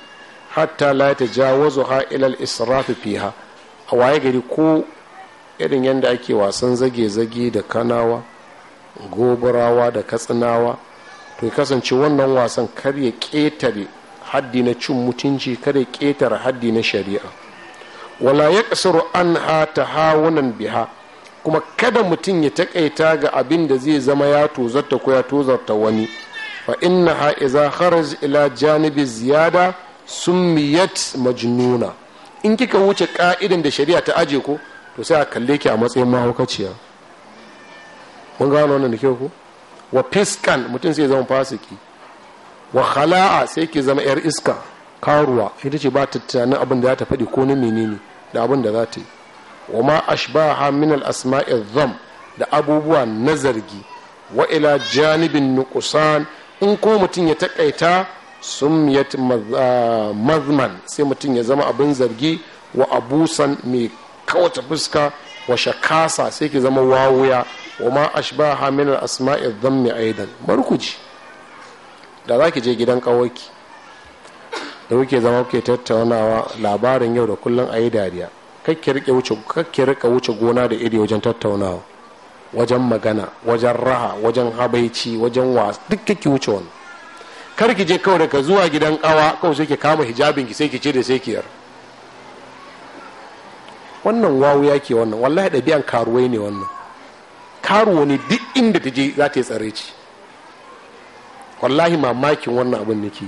hatta la tajawazu ha ila al-israf fiha a waye gari ko irin yadda ake wasan zage-zage da kanawa gobarawa da katsinawa to kasance wannan wasan kar ya ƙetare haddi na cin mutunci kar ya ƙetare haddi na shari'a wala ya ƙasar an ha ta hawunan biha kuma kada mutum ya takaita ga abin da zai zama ya tozarta ko ya tozarta wani fa inna ha iza kharaj ila janibi ziyada summiyat majnuna in kika wuce ka'idan da shari'a ta aje ko to sai a kalle ki a matsayin mahaukaciya mun gano wannan da kyau ko wa fiskan mutum sai zama fasiki wa khala'a sai ki zama yar iska karuwa ita ce ba ta tunanin abin da za ta faɗi ko na menene da abin da za ta yi wa ma ashbaha min al asma'i zam da abubuwa na zargi wa ila janibin nuqsan in ko mutum ya takaita sumiyat ah, mazman sai mutum ya zama abin zargi wa abusan mai kawace fuska wa shakasa sai ki zama wawuya wa ma ashbaha min al asma'i dhammi aidan markuji da zaki je gidan kawaki da kuke zama ke tattaunawa labarin yau da kullun ayi dariya kakke rike wuce rika wuce gona da iri wajen tattaunawa wajen magana wajen raha wajen habaici wajen was duk kake wuce wannan kar ki je kawai daga zuwa gidan kawa kawai sai ki kama hijabin ki sai ki ce da sai ki yar wannan wawu ya ke wannan wallahi ɗabi'an karuwai ne wannan karuwa ne duk inda ta je za ta yi tsare ci wallahi mamakin wannan abin da ke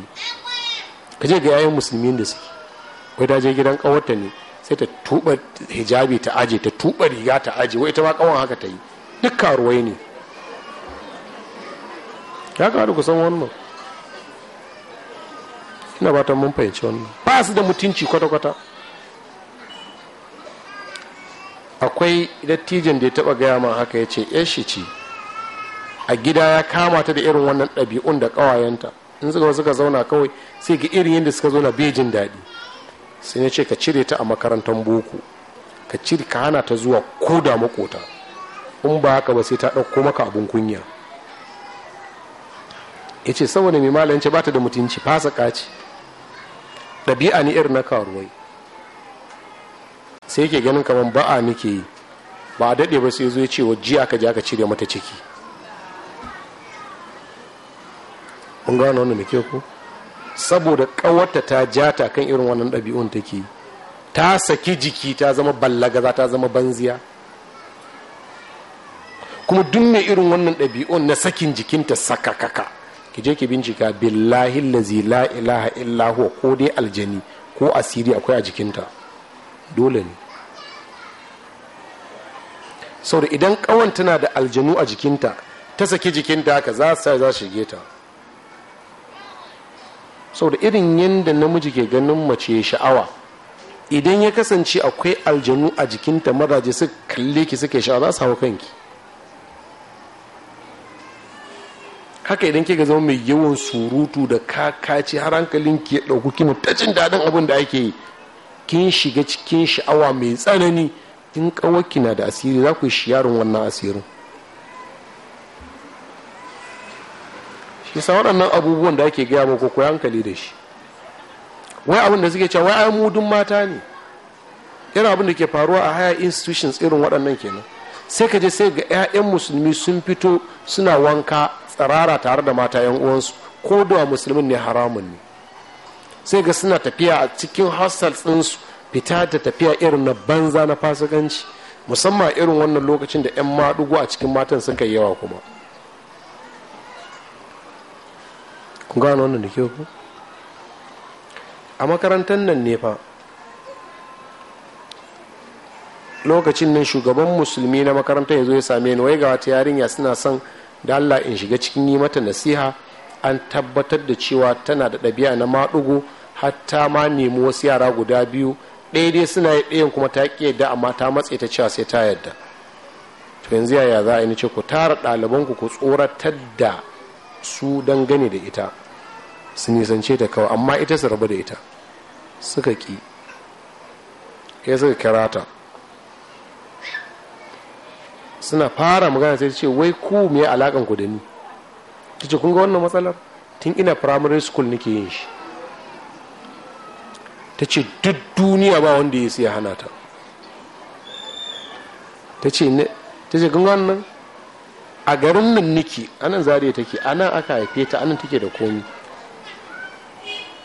ka je ga yayin musulmi da suke wai ta je gidan ƙawarta ne sai ta tuba hijabi ta aje ta tuba riga ta aje wai ita ma ƙawan haka ta yi duk karuwai ne ya kawo da san wannan ina ba ta mun fahimci wannan ba su da mutunci kwata-kwata akwai dattijan da ya taba gaya man haka ya ce shi ce a gida ya kama ta da irin wannan ɗabi'un da ƙawayenta in suka suka zauna kawai sai ga irin yadda suka zauna bai jin daɗi sai ya ce ka cire ta a makarantar boko ka cire ka hana ta zuwa ko da makota in ba haka ba sai ta ɗauko maka abin kunya ya ce saboda mai malam ce ba ta da mutunci fasa ƙaci ɗabi'a ne irin na karuwai sai yake ganin kamar ba'a muke yi ba a daɗe ba sai zo cewa ji aka jiya ka je aka cire mata ciki mun gano wannan da ku saboda ƙawarta ta jata kan irin wannan ɗabi'un take ta saki jiki ta zama ballagaza ta zama banziya kuma duk mai irin wannan ɗabi'un na sakin jikinta sakakaka ki je ki bincika billahi lazi la ilaha ko dai aljani ko asiri akwai a jikinta dole ne saboda idan kawan tana da aljanu a jikinta ta saki jikinta haka za su za shige ta saboda irin yadda namiji ke ganin mace ya sha'awa idan ya kasance akwai aljanu a jikinta maraje su kalle ki suke sha'awa za su hau kanki haka idan kika zama mai yawan surutu da kakaci har hankalin ki ya ɗauku ta jin daɗin abin da ake yi kin shiga cikin sha'awa mai tsanani in kawaki na da asiri za ku yi shiyarin wannan asirin shi sa waɗannan abubuwan da ake gaya maka ku hankali da shi wai abin da suke cewa wai ai mudun mata ne Yana abin da ke faruwa a haya institutions irin waɗannan kenan sai ka je sai ga 'ya'yan musulmi sun fito suna wanka tsarara tare da mata 'yan uwansu ko da musulmin ne haramun ne sai ga suna tafiya a cikin hostels su fita da tafiya irin na banza na fasikanci musamman irin wannan lokacin da 'yan maɗugo a cikin matan sun kai yawa kuma gano wannan da ku a makarantar nan ne fa lokacin nan shugaban musulmi na makarantar ya zo ya same ni wai ga wata yarinya suna son da allah in shiga cikin yi mata nasiha an tabbatar da cewa tana da ɗabi'a na maɗugo hatta ma nemi wasu yara guda biyu ɗaya dai suna yi ɗayan kuma ta ƙi yadda amma ta matse ta cewa sai ta yadda to yanzu yaya za a yi ce ku tara ɗalibanku ku tsoratar da su dangane da ita su nisance ta kawai amma ita su rabu da ita suka ƙi ya suka kira ta suna fara magana sai ce wai ku me alaƙan ku da ni ta ce kunga wannan matsalar tun ina primary school nake yin shi ta ce duk duniya ba wanda ya siya hana ta ta ce kunga wannan a garin nan nake anan zariya take anan aka haife ta anan take da komi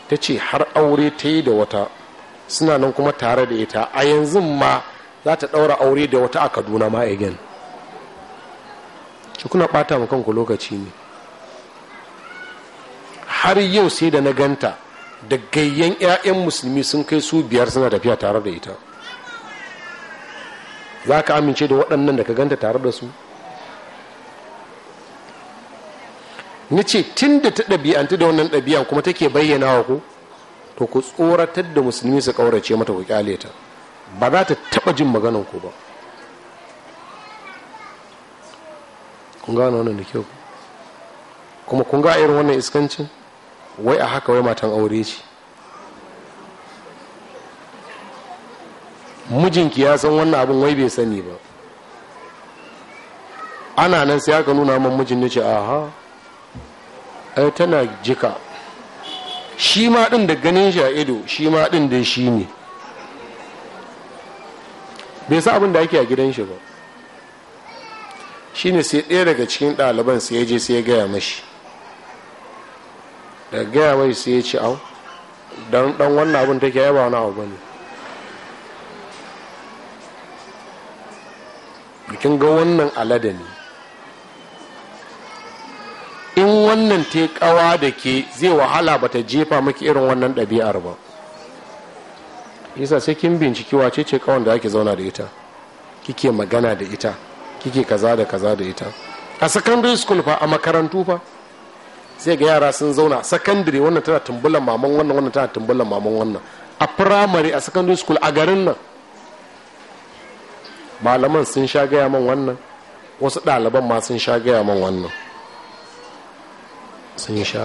ta ce har aure ta yi da wata suna nan kuma tare da ita a yanzu ma za ta ɗaura aure da wata a kaduna ma again kuna ɓata ma kanku lokaci ne har yau sai da na ganta da gayyan 'ya'yan musulmi sun kai su biyar suna tafiya tare da ita za ka amince da waɗannan da ka ganta tare da su ni ce tun da ta ɗabi'antu da wannan ɗabi'an kuma take bayyana wa ku to ku tsoratar da musulmi su ƙaurace mata ku kyale ta ba za ta taɓa jin maganan ku ba kun gane wannan da kyau kuma kun ga irin wannan iskancin wai a haka wai matan aure ce mijinki ya san wannan abin wai bai sani ba ana nan sai aka nuna man mijin ce aha ai tana jika shi ma din da ganin shi a ido shi ma din da shi ne bai sa abin da ake a gidan shi ba shine sai ɗaya daga cikin ɗaliban sai ya je sai ya gaya mashi da gaya mai sai ya ci au dan dan wannan abin take yaba wani abu bane kin ga wannan alada ne in wannan te kawa da ke zai wahala ba ta jefa maki irin wannan ɗabi'ar ba Isa sai kin binciki wace ce kawan da ake zauna da ita kike magana da ita kike kaza da kaza da ita a secondary school fa a makarantu fa sai ga yara sun zauna a sakandare wannan tana tumbulan maman wannan wannan tana tumbulan maman wannan a firamare a secondary school a garin nan malaman sun sha gaya man wannan wasu ɗaliban ma sun sha gaya man wannan sun sha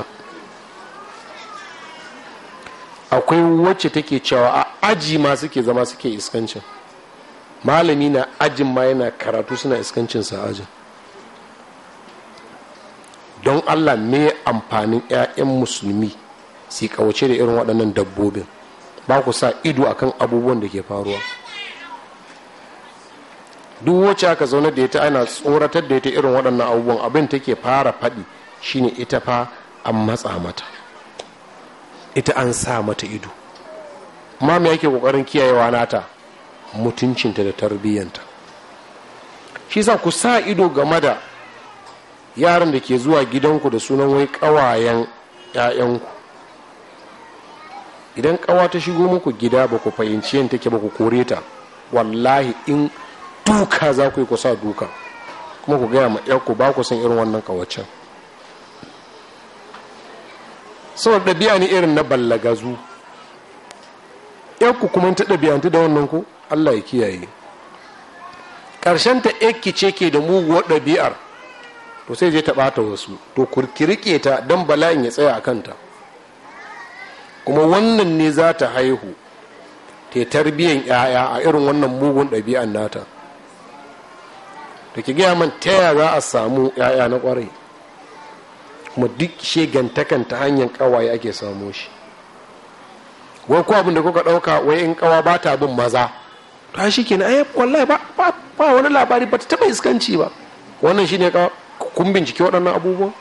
akwai wacce take cewa a aji ma suke zama suke iskancin malami na ajin ma yana karatu suna iskancin sa ajin don allah me amfanin 'ya'yan musulmi su kawace da irin waɗannan dabbobin ba ku sa ido akan abubuwan da ke faruwa duk wacce aka zaune da ita ana tsoratar da ita irin waɗannan abubuwan abin take fara faɗi shine ita fa an matsa mata ita an sa mata ido ma me yake kokarin kiyayewa nata mutuncinta da tarbiyyanta shi sa ku sa ido game da yaran da ke zuwa gidanku da sunan wai ƙawayen 'ya'yanku idan kawa ta shigo muku gida ba ku fahimci yin take ba ku kore ta wallahi in duka za ku yi kusa duka kuma ku gaya ma ku ba ku san irin wannan ƙawacen saboda ɗabi'a ne irin na ballagazu ku kuma ta ɗabi'antu da wannan ku allah ya kiyaye ƙarshen ta ce ke da muguwar ɗabi'ar to sai je ta bata wasu to kirkirke ta don bala'in ya tsaya a kanta kuma wannan ne za ta haihu ta tarbiyyan 'ya'ya a irin wannan mugun ɗabi'an nata da ki gaya man ta yaya za a samu 'ya'ya na kwarai kuma duk shegantakan ta hanyar kawaye ake samo shi wai ko abin da kuka ɗauka wai in kawa ba ta bin maza to shi kenan ai wallahi ba wani labari ba ta taɓa iskanci ba wannan shi ne kawa kun bincike waɗannan abubuwan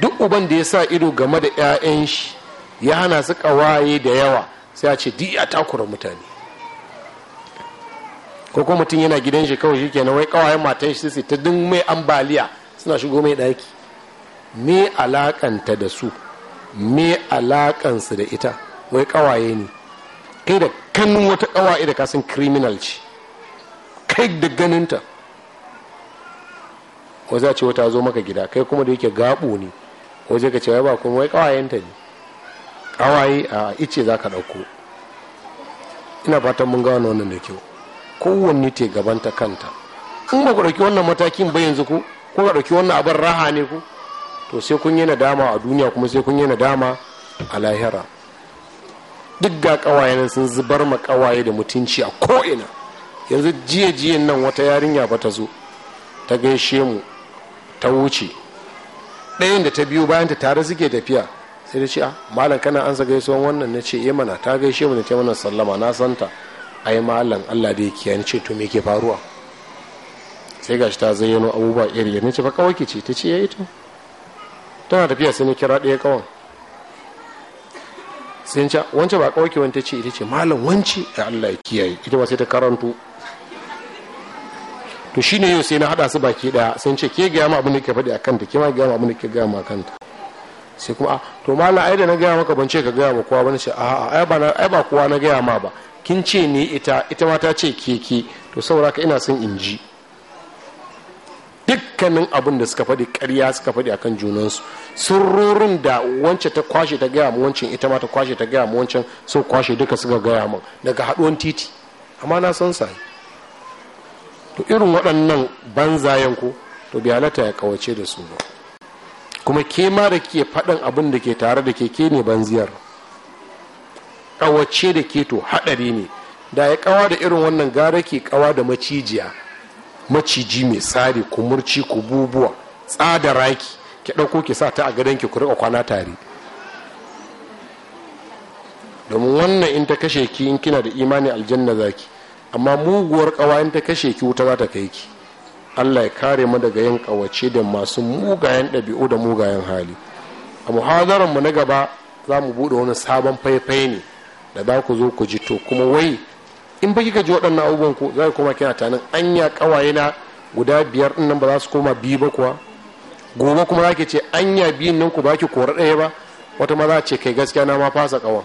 duk uban da ya sa ido game da 'ya'yan shi ya hana su ƙawaye da yawa sai a ce di a takura mutane ko kuma mutum yana gidan shi kawai na wai ƙawayen matan shi sai ta din mai ambaliya suna shigo mai ɗaki me alakanta da su me alakansu da ita wai kawaye ne kai da kanin wata kawaye da kasan criminal ce kai da ganinta wai za ce wata zo maka gida kai kuma da yake gaɓo ne ko zai ka ce ba kuma wai ƙawayenta ne ƙawaye a ice za ka ɗauko ina fatan mun gano wannan da kyau kowanne te gabanta kanta in ba ku ɗauki wannan matakin ba yanzu ku ko ka ɗauki wannan abin raha ne ku to sai kun yi nadama a duniya kuma sai kun yi nadama a lahira duk ga kawayen sun zubar ma ƙawaye da mutunci a ko'ina yanzu jiye jiyen nan wata yarinya ba ta zo ta gaishe mu ta wuce ɗayan da ta biyu bayan ta tare suke tafiya sai ta ce a ah, malam kana an zagaye gaisuwan wannan na ce eh mana ta gaishe mu da ta mana sallama na santa ai malam Allah da kiya ni ce to me ke faruwa sai gashi ta zayyano abubuwa iri ne ce fa kawai ce ta ce yayi eh to tana tafiya sai ni kira ɗaya kawan sai ce wance ba kawai wani ta ce ita ce malam wance ya Allah ya kiyaye ita ba sai ta karanto to shine yau sai na hada su baki daya sun ce ke gaya ma abin da ke faɗi a kanta ke ma gaya ma abin da ke gaya ma kanta sai kuma a, ah, to mala ai da na gaya maka ban ce ka gaya ma kowa bane ce a a ai ba ai ba kowa na gaya ma ba kin ce ni ita ita ma ta ce ke ke to saboda ka ina son in ji dukkanin abin da suka faɗi ƙarya suka faɗi akan junansu sirrorin da wancan ta kwashe ta gaya mu wancan ita ma ta kwashe ta gaya mu wancan sun kwashe duka suka gaya min daga haɗuwan titi amma na san sai to irin waɗannan banzayen ku to bi halatta ya kawace da su ba kuma ke ma da ke faɗin abin da ke tare da ke ke ne banziyar kawace da ke to haɗari ne da ya kawa da irin wannan gara ke kawa da macijiya maciji mai tsari kumurci bubuwa tsada raki ki ɗauko ki sa ta a gadon ki kuri kwana tare domin wannan in ta kashe ki in kina da imani aljanna zaki amma muguwar ƙawayen ta kashe ki wuta za ta kai ki allah ya kare mu daga yin ƙawace da masu mugayen ɗabi'u da mugayen hali a muhazarar mu na gaba za mu buɗe wani sabon faifai ne da za ku zo ku ji to kuma wai in ba kika ji waɗannan abubuwan ku za ku koma kina tanin anya ƙawaye na guda biyar ɗin nan ba za su koma biyu ba kuwa gobe kuma za ki ce anya biyun nan ku ba ki kora ɗaya ba wata ma za ce kai gaskiya na ma fasa ƙawan